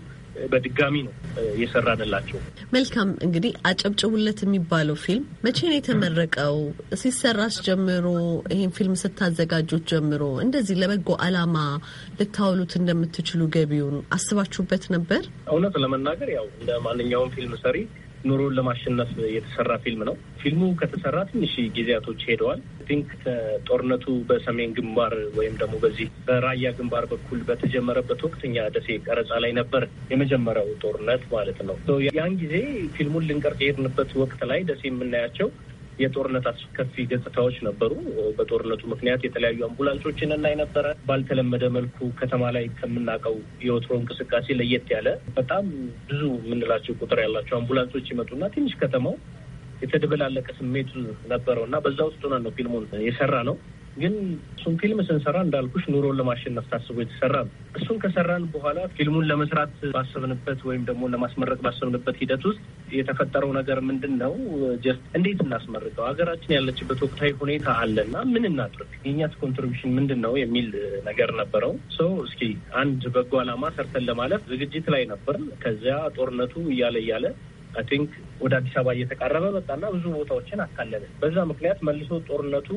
በድጋሚ ነው የሰራንላቸው። መልካም እንግዲህ አጨብጭቡለት የሚባለው ፊልም መቼ ነው የተመረቀው? ሲሰራስ ጀምሮ ይህን ፊልም ስታዘጋጁት ጀምሮ እንደዚህ ለበጎ አላማ ልታውሉት እንደምትችሉ ገቢውን አስባችሁበት ነበር? እውነት ለመናገር ያው እንደ ማንኛውም ፊልም ሰሪ ኑሮን ለማሸነፍ የተሰራ ፊልም ነው። ፊልሙ ከተሰራ ትንሽ ጊዜያቶች ሄደዋል። ቲንክ ጦርነቱ በሰሜን ግንባር ወይም ደግሞ በዚህ በራያ ግንባር በኩል በተጀመረበት ወቅት እኛ ደሴ ቀረጻ ላይ ነበር የመጀመሪያው ጦርነት ማለት ነው። ያን ጊዜ ፊልሙን ልንቀርጽ የሄድንበት ወቅት ላይ ደሴ የምናያቸው የጦርነት አስከፊ ገጽታዎች ነበሩ። በጦርነቱ ምክንያት የተለያዩ አምቡላንሶችን እናይ ነበረ። ባልተለመደ መልኩ ከተማ ላይ ከምናውቀው የወትሮ እንቅስቃሴ ለየት ያለ በጣም ብዙ የምንላቸው ቁጥር ያላቸው አምቡላንሶች ይመጡና ትንሽ ከተማው የተደበላለቀ ስሜት ነበረው እና በዛ ውስጥ ሆነን ነው ፊልሙን የሰራ ነው። ግን እሱን ፊልም ስንሰራ እንዳልኩሽ ኑሮን ለማሸነፍ ታስቦ የተሰራ ነው። እሱን ከሰራን በኋላ ፊልሙን ለመስራት ባሰብንበት ወይም ደግሞ ለማስመረቅ ባሰብንበት ሂደት ውስጥ የተፈጠረው ነገር ምንድን ነው? ጀስት እንዴት እናስመርቀው፣ ሀገራችን ያለችበት ወቅታዊ ሁኔታ አለና ምን እናድርግ፣ የእኛት ኮንትሪቢሽን ምንድን ነው የሚል ነገር ነበረው። ሰው እስኪ አንድ በጎ አላማ ሰርተን ለማለፍ ዝግጅት ላይ ነበር። ከዚያ ጦርነቱ እያለ እያለ አይ ቲንክ ወደ አዲስ አበባ እየተቃረበ መጣና ብዙ ቦታዎችን አካለለ። በዛ ምክንያት መልሶ ጦርነቱ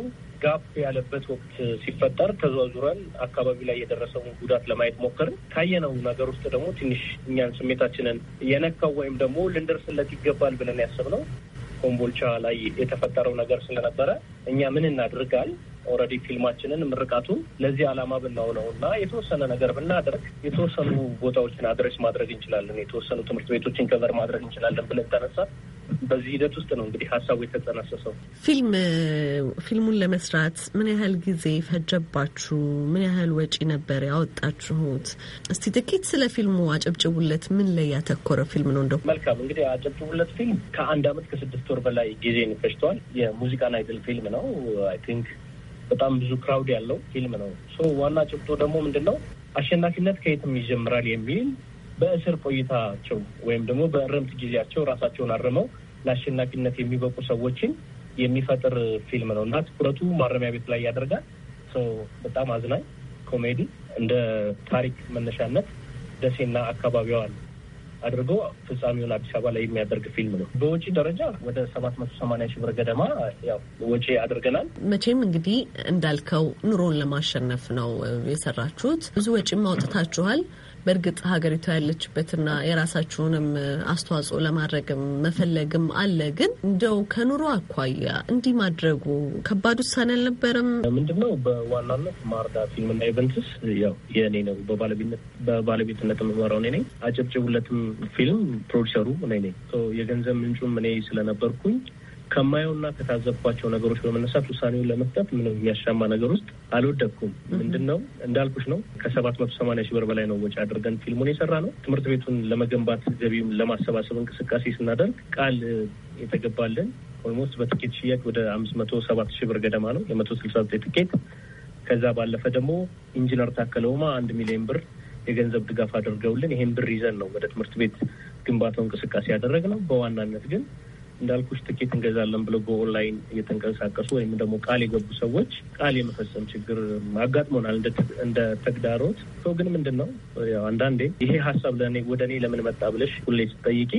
ጋፕ ያለበት ወቅት ሲፈጠር ተዟዙረን አካባቢ ላይ የደረሰውን ጉዳት ለማየት ሞከርን። ካየነው ነገር ውስጥ ደግሞ ትንሽ እኛን ስሜታችንን የነካው ወይም ደግሞ ልንደርስለት ይገባል ብለን ያሰብነው ኮምቦልቻ ላይ የተፈጠረው ነገር ስለነበረ እኛ ምን እናድርጋል ኦልሬዲ ፊልማችንን ምርቃቱ ለዚህ አላማ ብናውለው እና የተወሰነ ነገር ብናደርግ የተወሰኑ ቦታዎችን አድረስ ማድረግ እንችላለን፣ የተወሰኑ ትምህርት ቤቶችን ከበር ማድረግ እንችላለን ብለን ተነሳ። በዚህ ሂደት ውስጥ ነው እንግዲህ ሀሳቡ የተጠነሰሰው። ፊልም ፊልሙን ለመስራት ምን ያህል ጊዜ ፈጀባችሁ? ምን ያህል ወጪ ነበር ያወጣችሁት? እስቲ ጥቂት ስለ ፊልሙ አጨብጭቡለት። ምን ላይ ያተኮረ ፊልም ነው? እንደው መልካም እንግዲህ አጨብጭቡለት ፊልም ከአንድ አመት ከስድስት ወር በላይ ጊዜን ፈጅቷል። የሙዚቃ አይድል ፊልም ነው አይ ቲንክ በጣም ብዙ ክራውድ ያለው ፊልም ነው። ሶ ዋና ጭብጦ ደግሞ ምንድን ነው አሸናፊነት ከየትም ይጀምራል የሚል በእስር ቆይታቸው ወይም ደግሞ በእርምት ጊዜያቸው ራሳቸውን አርመው ለአሸናፊነት የሚበቁ ሰዎችን የሚፈጥር ፊልም ነው እና ትኩረቱ ማረሚያ ቤት ላይ ያደርጋል። ሰው በጣም አዝናኝ ኮሜዲ እንደ ታሪክ መነሻነት ደሴና አካባቢዋ አለ። አድርጎ ፍጻሜው ለአዲስ አበባ ላይ የሚያደርግ ፊልም ነው። በወጪ ደረጃ ወደ ሰባት መቶ ሰማንያ ሺህ ብር ገደማ ያው ወጪ አድርገናል። መቼም እንግዲህ እንዳልከው ኑሮን ለማሸነፍ ነው የሰራችሁት። ብዙ ወጪም አውጥታችኋል። በእርግጥ ሀገሪቷ ያለችበትና የራሳችሁንም አስተዋጽኦ ለማድረግም መፈለግም አለ። ግን እንደው ከኑሮ አኳያ እንዲህ ማድረጉ ከባድ ውሳኔ አልነበረም? ምንድነው በዋናነት ማርዳ ፊልምና ኤቨንትስ ያው የእኔ ነው። በባለቤትነት የምመራው እኔ ነኝ። አጨብጭቡለትም ፊልም ፕሮዲሰሩ እኔ ነኝ። የገንዘብ ምንጩም እኔ ስለነበርኩኝ ከማየውና ከታዘብኳቸው ነገሮች በመነሳት ውሳኔውን ለመስጠት ምንም የሚያሻማ ነገር ውስጥ አልወደቅኩም። ምንድን ነው እንዳልኩሽ ነው ከሰባት መቶ ሰማንያ ሺህ ብር በላይ ነው ወጪ አድርገን ፊልሙን የሰራ ነው። ትምህርት ቤቱን ለመገንባት ገቢም ለማሰባሰብ እንቅስቃሴ ስናደርግ ቃል የተገባልን ኦልሞስት በትኬት ሽያጭ ወደ አምስት መቶ ሰባት ሺህ ብር ገደማ ነው የመቶ ስልሳ ዘጠኝ ትኬት። ከዛ ባለፈ ደግሞ ኢንጂነር ታከለውማ አንድ ሚሊዮን ብር የገንዘብ ድጋፍ አድርገውልን ይሄን ብር ይዘን ነው ወደ ትምህርት ቤት ግንባታው እንቅስቃሴ ያደረግ ነው። በዋናነት ግን እንዳልኩሽ ትኬት እንገዛለን ብለው በኦንላይን እየተንቀሳቀሱ ወይም ደግሞ ቃል የገቡ ሰዎች ቃል የመፈጸም ችግር አጋጥሞናል እንደ ተግዳሮት። ሰው ግን ምንድን ነው ያው አንዳንዴ ይሄ ሀሳብ ወደ እኔ ለምን መጣ ብለሽ ሁሌ ስጠይቂ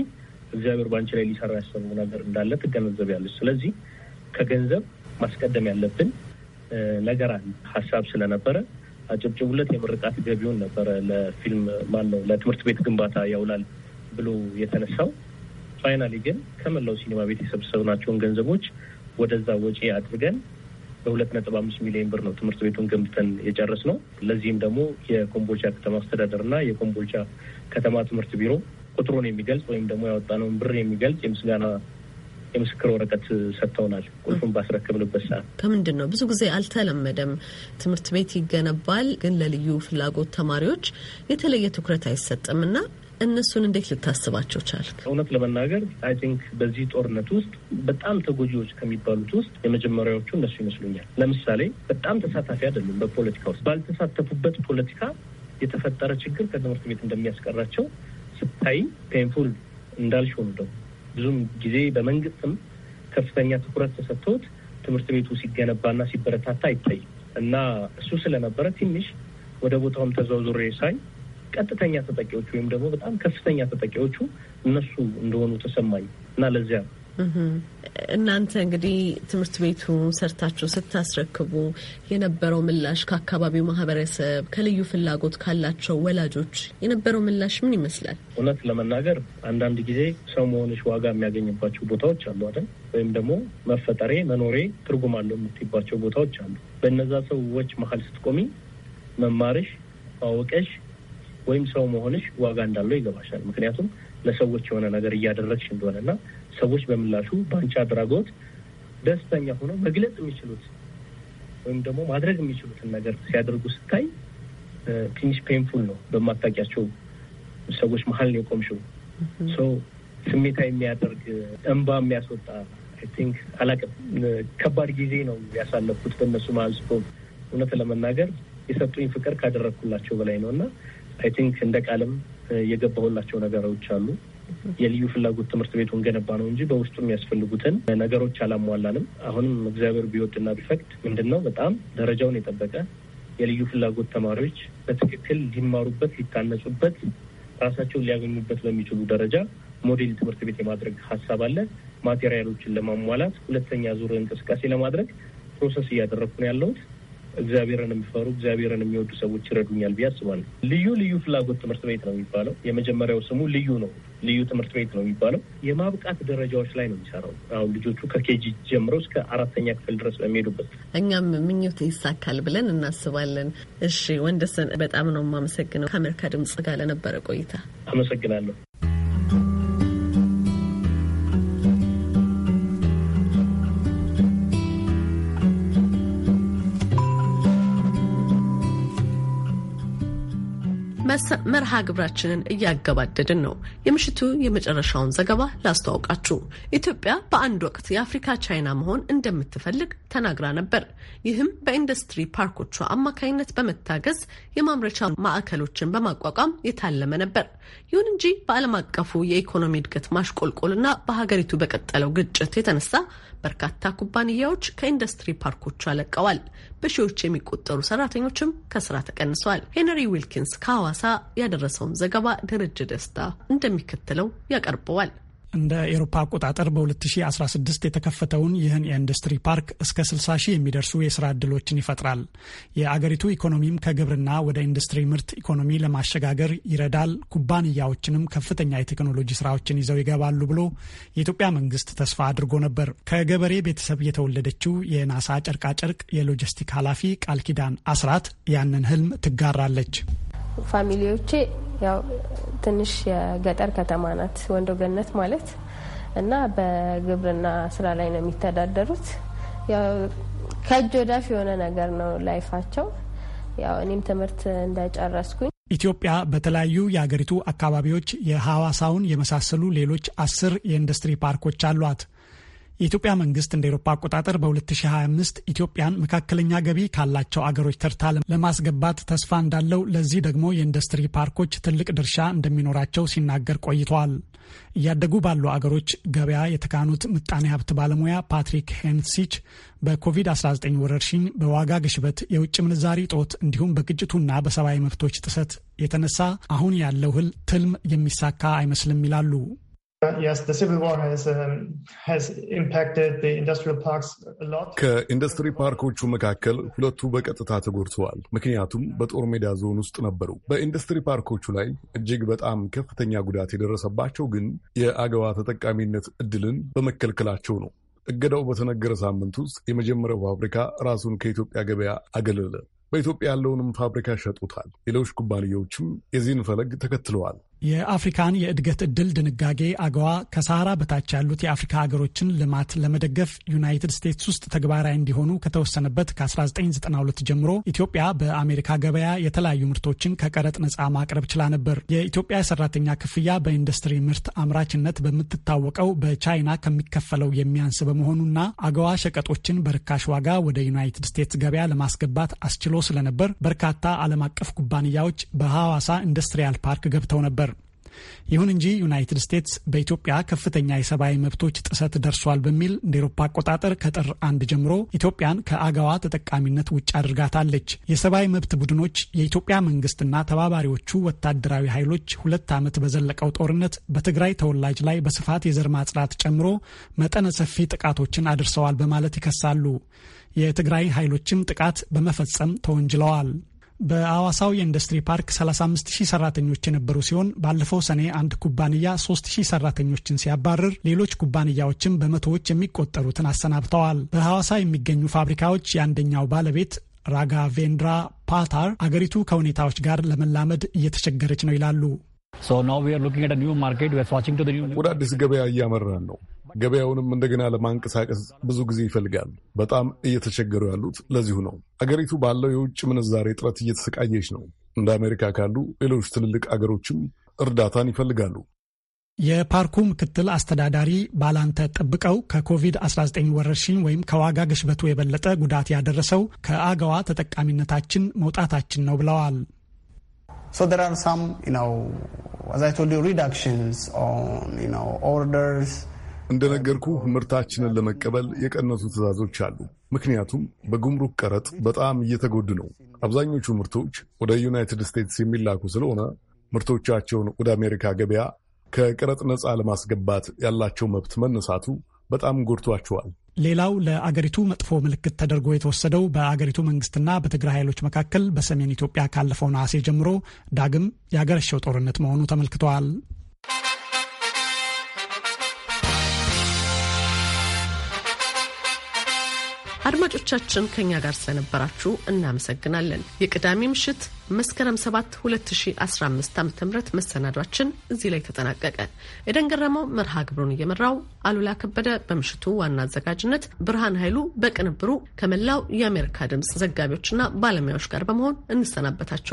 እግዚአብሔር ባንቺ ላይ ሊሰራ ያሰቡ ነገር እንዳለ ትገነዘቢያለሽ። ስለዚህ ከገንዘብ ማስቀደም ያለብን ነገር ሀሳብ ስለነበረ አጨብጭቡለት። የምርቃት ገቢውን ነበረ ለፊልም ማን ነው ለትምህርት ቤት ግንባታ ያውላል ብሎ የተነሳው ፋይናሊ ግን ከመላው ሲኒማ ቤት የሰበሰብናቸውን ገንዘቦች ወደዛ ወጪ አድርገን በሁለት ነጥብ አምስት ሚሊዮን ብር ነው ትምህርት ቤቱን ገንብተን የጨረስ ነው። ለዚህም ደግሞ የኮምቦልቻ ከተማ አስተዳደር እና የኮምቦልቻ ከተማ ትምህርት ቢሮ ቁጥሩን የሚገልጽ ወይም ደግሞ ያወጣነውን ብር የሚገልጽ የምስጋና የምስክር ወረቀት ሰጥተውናል። ቁልፉን ባስረክብንበት ሰዓት ከምንድን ነው ብዙ ጊዜ አልተለመደም። ትምህርት ቤት ይገነባል፣ ግን ለልዩ ፍላጎት ተማሪዎች የተለየ ትኩረት አይሰጥም እና እነሱን እንዴት ልታስባቸው ቻልክ? እውነት ለመናገር አይ ቲንክ በዚህ ጦርነት ውስጥ በጣም ተጎጂዎች ከሚባሉት ውስጥ የመጀመሪያዎቹ እነሱ ይመስሉኛል። ለምሳሌ በጣም ተሳታፊ አይደሉም በፖለቲካ ውስጥ ባልተሳተፉበት ፖለቲካ የተፈጠረ ችግር ከትምህርት ቤት እንደሚያስቀራቸው ስታይ ፔንፉል እንዳልሽ ሆኑ ብዙም ጊዜ በመንግስትም ከፍተኛ ትኩረት ተሰጥቶት ትምህርት ቤቱ ሲገነባና ሲበረታታ አይታይም እና እሱ ስለነበረ ትንሽ ወደ ቦታውም ተዘዋውሬ ሳይ ቀጥተኛ ተጠቂዎቹ ወይም ደግሞ በጣም ከፍተኛ ተጠቂዎቹ እነሱ እንደሆኑ ተሰማኝ እና ለዚያ እናንተ እንግዲህ ትምህርት ቤቱ ሰርታችሁ ስታስረክቡ የነበረው ምላሽ ከአካባቢው ማህበረሰብ ከልዩ ፍላጎት ካላቸው ወላጆች የነበረው ምላሽ ምን ይመስላል? እውነት ለመናገር አንዳንድ ጊዜ ሰው መሆንሽ ዋጋ የሚያገኝባቸው ቦታዎች አሉ አይደል? ወይም ደግሞ መፈጠሬ መኖሬ ትርጉም አለው የምትይባቸው ቦታዎች አሉ። በእነዛ ሰዎች መሀል ስትቆሚ መማርሽ ማወቀሽ ወይም ሰው መሆንሽ ዋጋ እንዳለው ይገባሻል። ምክንያቱም ለሰዎች የሆነ ነገር እያደረግሽ እና ሰዎች በምላሹ በአንቺ አድራጎት ደስተኛ ሆነው መግለጽ የሚችሉት ወይም ደግሞ ማድረግ የሚችሉትን ነገር ሲያደርጉ ስታይ ትንሽ ፔንፉል ነው። በማታውቂያቸው ሰዎች መሀል ነው የቆምሽው። ሰው ስሜታ የሚያደርግ እንባ የሚያስወጣ አይ ቲንክ ከባድ ጊዜ ነው ያሳለፍኩት በእነሱ መሀል ስፖርት እውነት ለመናገር የሰጡኝ ፍቅር ካደረግኩላቸው በላይ ነው እና አይ ቲንክ እንደ ቃልም የገባሁላቸው ነገሮች አሉ። የልዩ ፍላጎት ትምህርት ቤቱን ገነባ ነው እንጂ በውስጡ የሚያስፈልጉትን ነገሮች አላሟላንም። አሁንም እግዚአብሔር ቢወድና ቢፈቅድ ምንድን ነው በጣም ደረጃውን የጠበቀ የልዩ ፍላጎት ተማሪዎች በትክክል ሊማሩበት፣ ሊታነጹበት፣ ራሳቸውን ሊያገኙበት በሚችሉ ደረጃ ሞዴል ትምህርት ቤት የማድረግ ሀሳብ አለ። ማቴሪያሎችን ለማሟላት ሁለተኛ ዙር እንቅስቃሴ ለማድረግ ፕሮሰስ እያደረግኩ ነው ያለሁት። እግዚአብሔርን የሚፈሩ እግዚአብሔርን የሚወዱ ሰዎች ይረዱኛል ብዬ አስባለሁ። ልዩ ልዩ ፍላጎት ትምህርት ቤት ነው የሚባለው። የመጀመሪያው ስሙ ልዩ ነው፣ ልዩ ትምህርት ቤት ነው የሚባለው። የማብቃት ደረጃዎች ላይ ነው የሚሰራው። አሁን ልጆቹ ከኬጂ ጀምሮ እስከ አራተኛ ክፍል ድረስ በሚሄዱበት እኛም ምኞት ይሳካል ብለን እናስባለን። እሺ ወንደሰን፣ በጣም ነው የማመሰግነው ከአሜሪካ ድምጽ ጋር ለነበረ ቆይታ አመሰግናለሁ። መርሃ ግብራችንን እያገባደድን ነው። የምሽቱ የመጨረሻውን ዘገባ ላስተዋውቃችሁ። ኢትዮጵያ በአንድ ወቅት የአፍሪካ ቻይና መሆን እንደምትፈልግ ተናግራ ነበር። ይህም በኢንዱስትሪ ፓርኮቿ አማካኝነት በመታገዝ የማምረቻ ማዕከሎችን በማቋቋም የታለመ ነበር። ይሁን እንጂ በዓለም አቀፉ የኢኮኖሚ እድገት ማሽቆልቆልና በሀገሪቱ በቀጠለው ግጭት የተነሳ በርካታ ኩባንያዎች ከኢንዱስትሪ ፓርኮቿ ለቀዋል። በሺዎች የሚቆጠሩ ሰራተኞችም ከስራ ተቀንሰዋል። ሄነሪ ዊልኪንስ ከሐዋሳ ያደረሰውን ዘገባ ደረጀ ደስታ እንደሚከተለው ያቀርበዋል። እንደ ኤሮፓ አቆጣጠር በ2016 የተከፈተውን ይህን የኢንዱስትሪ ፓርክ እስከ 60 ሺህ የሚደርሱ የስራ ዕድሎችን ይፈጥራል። የአገሪቱ ኢኮኖሚም ከግብርና ወደ ኢንዱስትሪ ምርት ኢኮኖሚ ለማሸጋገር ይረዳል፣ ኩባንያዎችንም ከፍተኛ የቴክኖሎጂ ስራዎችን ይዘው ይገባሉ ብሎ የኢትዮጵያ መንግስት ተስፋ አድርጎ ነበር። ከገበሬ ቤተሰብ የተወለደችው የናሳ ጨርቃጨርቅ የሎጂስቲክ ኃላፊ ቃል ኪዳን አስራት ያንን ህልም ትጋራለች። ፋሚሊዎቼ ያው ትንሽ የገጠር ከተማ ናት ወንዶ ገነት ማለት እና በግብርና ስራ ላይ ነው የሚተዳደሩት። ያው ከእጅ ወዳፍ የሆነ ነገር ነው ላይፋቸው። ያው እኔም ትምህርት እንደጨረስኩኝ ኢትዮጵያ በተለያዩ የአገሪቱ አካባቢዎች የሐዋሳውን የመሳሰሉ ሌሎች አስር የኢንዱስትሪ ፓርኮች አሏት። የኢትዮጵያ መንግስት እንደ ኤሮፓ አቆጣጠር በ2025 ኢትዮጵያን መካከለኛ ገቢ ካላቸው አገሮች ተርታ ለማስገባት ተስፋ እንዳለው፣ ለዚህ ደግሞ የኢንዱስትሪ ፓርኮች ትልቅ ድርሻ እንደሚኖራቸው ሲናገር ቆይተዋል። እያደጉ ባሉ አገሮች ገበያ የተካኑት ምጣኔ ሀብት ባለሙያ ፓትሪክ ሄንሲች በኮቪድ-19 ወረርሽኝ፣ በዋጋ ግሽበት፣ የውጭ ምንዛሪ ጦት እንዲሁም በግጭቱና በሰብአዊ መብቶች ጥሰት የተነሳ አሁን ያለው ህል ትልም የሚሳካ አይመስልም ይላሉ። Um, ከኢንዱስትሪ ፓርኮቹ መካከል ሁለቱ በቀጥታ ተጎድተዋል፣ ምክንያቱም በጦር ሜዳ ዞን ውስጥ ነበሩ። በኢንዱስትሪ ፓርኮቹ ላይ እጅግ በጣም ከፍተኛ ጉዳት የደረሰባቸው ግን የአገባ ተጠቃሚነት እድልን በመከልከላቸው ነው። እገዳው በተነገረ ሳምንት ውስጥ የመጀመሪያው ፋብሪካ ራሱን ከኢትዮጵያ ገበያ አገለለ። በኢትዮጵያ ያለውንም ፋብሪካ ሸጡታል ሌሎች ኩባንያዎችም የዚህን ፈለግ ተከትለዋል። የአፍሪካን የእድገት እድል ድንጋጌ አገዋ ከሳህራ በታች ያሉት የአፍሪካ ሀገሮችን ልማት ለመደገፍ ዩናይትድ ስቴትስ ውስጥ ተግባራዊ እንዲሆኑ ከተወሰነበት ከ1992 ጀምሮ ኢትዮጵያ በአሜሪካ ገበያ የተለያዩ ምርቶችን ከቀረጥ ነጻ ማቅረብ ችላ ነበር። የኢትዮጵያ ሰራተኛ ክፍያ በኢንዱስትሪ ምርት አምራችነት በምትታወቀው በቻይና ከሚከፈለው የሚያንስ በመሆኑና አገዋ ሸቀጦችን በርካሽ ዋጋ ወደ ዩናይትድ ስቴትስ ገበያ ለማስገባት አስችሎ ስለነበር በርካታ ዓለም አቀፍ ኩባንያዎች በሐዋሳ ኢንዱስትሪያል ፓርክ ገብተው ነበር። ይሁን እንጂ ዩናይትድ ስቴትስ በኢትዮጵያ ከፍተኛ የሰብአዊ መብቶች ጥሰት ደርሷል በሚል እንደ ኤሮፓ አቆጣጠር ከጥር አንድ ጀምሮ ኢትዮጵያን ከአገዋ ተጠቃሚነት ውጭ አድርጋታለች። የሰብአዊ መብት ቡድኖች የኢትዮጵያ መንግስትና ተባባሪዎቹ ወታደራዊ ኃይሎች ሁለት ዓመት በዘለቀው ጦርነት በትግራይ ተወላጅ ላይ በስፋት የዘር ማጽዳት ጨምሮ መጠነ ሰፊ ጥቃቶችን አድርሰዋል በማለት ይከሳሉ። የትግራይ ኃይሎችም ጥቃት በመፈጸም ተወንጅለዋል። በአዋሳው የኢንዱስትሪ ፓርክ 35000 ሰራተኞች የነበሩ ሲሆን ባለፈው ሰኔ አንድ ኩባንያ 3000 ሰራተኞችን ሲያባርር ሌሎች ኩባንያዎችም በመቶዎች የሚቆጠሩትን አሰናብተዋል። በሐዋሳ የሚገኙ ፋብሪካዎች የአንደኛው ባለቤት ራጋ ቬንድራ ፓታር አገሪቱ ከሁኔታዎች ጋር ለመላመድ እየተቸገረች ነው ይላሉ። ወደ አዲስ ገበያ እያመራን ነው። ገበያውንም እንደገና ለማንቀሳቀስ ብዙ ጊዜ ይፈልጋል። በጣም እየተቸገሩ ያሉት ለዚሁ ነው። አገሪቱ ባለው የውጭ ምንዛሬ እጥረት እየተሰቃየች ነው። እንደ አሜሪካ ካሉ ሌሎች ትልልቅ አገሮችም እርዳታን ይፈልጋሉ። የፓርኩ ምክትል አስተዳዳሪ ባላንተ ጠብቀው ከኮቪድ-19 ወረርሽኝ ወይም ከዋጋ ግሽበቱ የበለጠ ጉዳት ያደረሰው ከአገዋ ተጠቃሚነታችን መውጣታችን ነው ብለዋል። ሪዳክሽንስ ኦርደርስ እንደነገርኩ ምርታችንን ለመቀበል የቀነሱ ትዕዛዞች አሉ። ምክንያቱም በጉምሩክ ቀረጥ በጣም እየተጎዱ ነው። አብዛኞቹ ምርቶች ወደ ዩናይትድ ስቴትስ የሚላኩ ስለሆነ ምርቶቻቸውን ወደ አሜሪካ ገበያ ከቀረጥ ነፃ ለማስገባት ያላቸው መብት መነሳቱ በጣም ጎድቷቸዋል። ሌላው ለአገሪቱ መጥፎ ምልክት ተደርጎ የተወሰደው በአገሪቱ መንግስትና በትግራይ ኃይሎች መካከል በሰሜን ኢትዮጵያ ካለፈው ነሐሴ ጀምሮ ዳግም ያገረሸው ጦርነት መሆኑ ተመልክተዋል። አድማጮቻችን ከኛ ጋር ስለነበራችሁ እናመሰግናለን። የቅዳሜ ምሽት መስከረም 7 2015 ዓ ም መሰናዷችን እዚህ ላይ ተጠናቀቀ። ኤደን ገረመው መርሃ ግብሩን እየመራው፣ አሉላ ከበደ በምሽቱ ዋና አዘጋጅነት፣ ብርሃን ኃይሉ በቅንብሩ ከመላው የአሜሪካ ድምፅ ዘጋቢዎችና ባለሙያዎች ጋር በመሆን እንሰናበታቸው።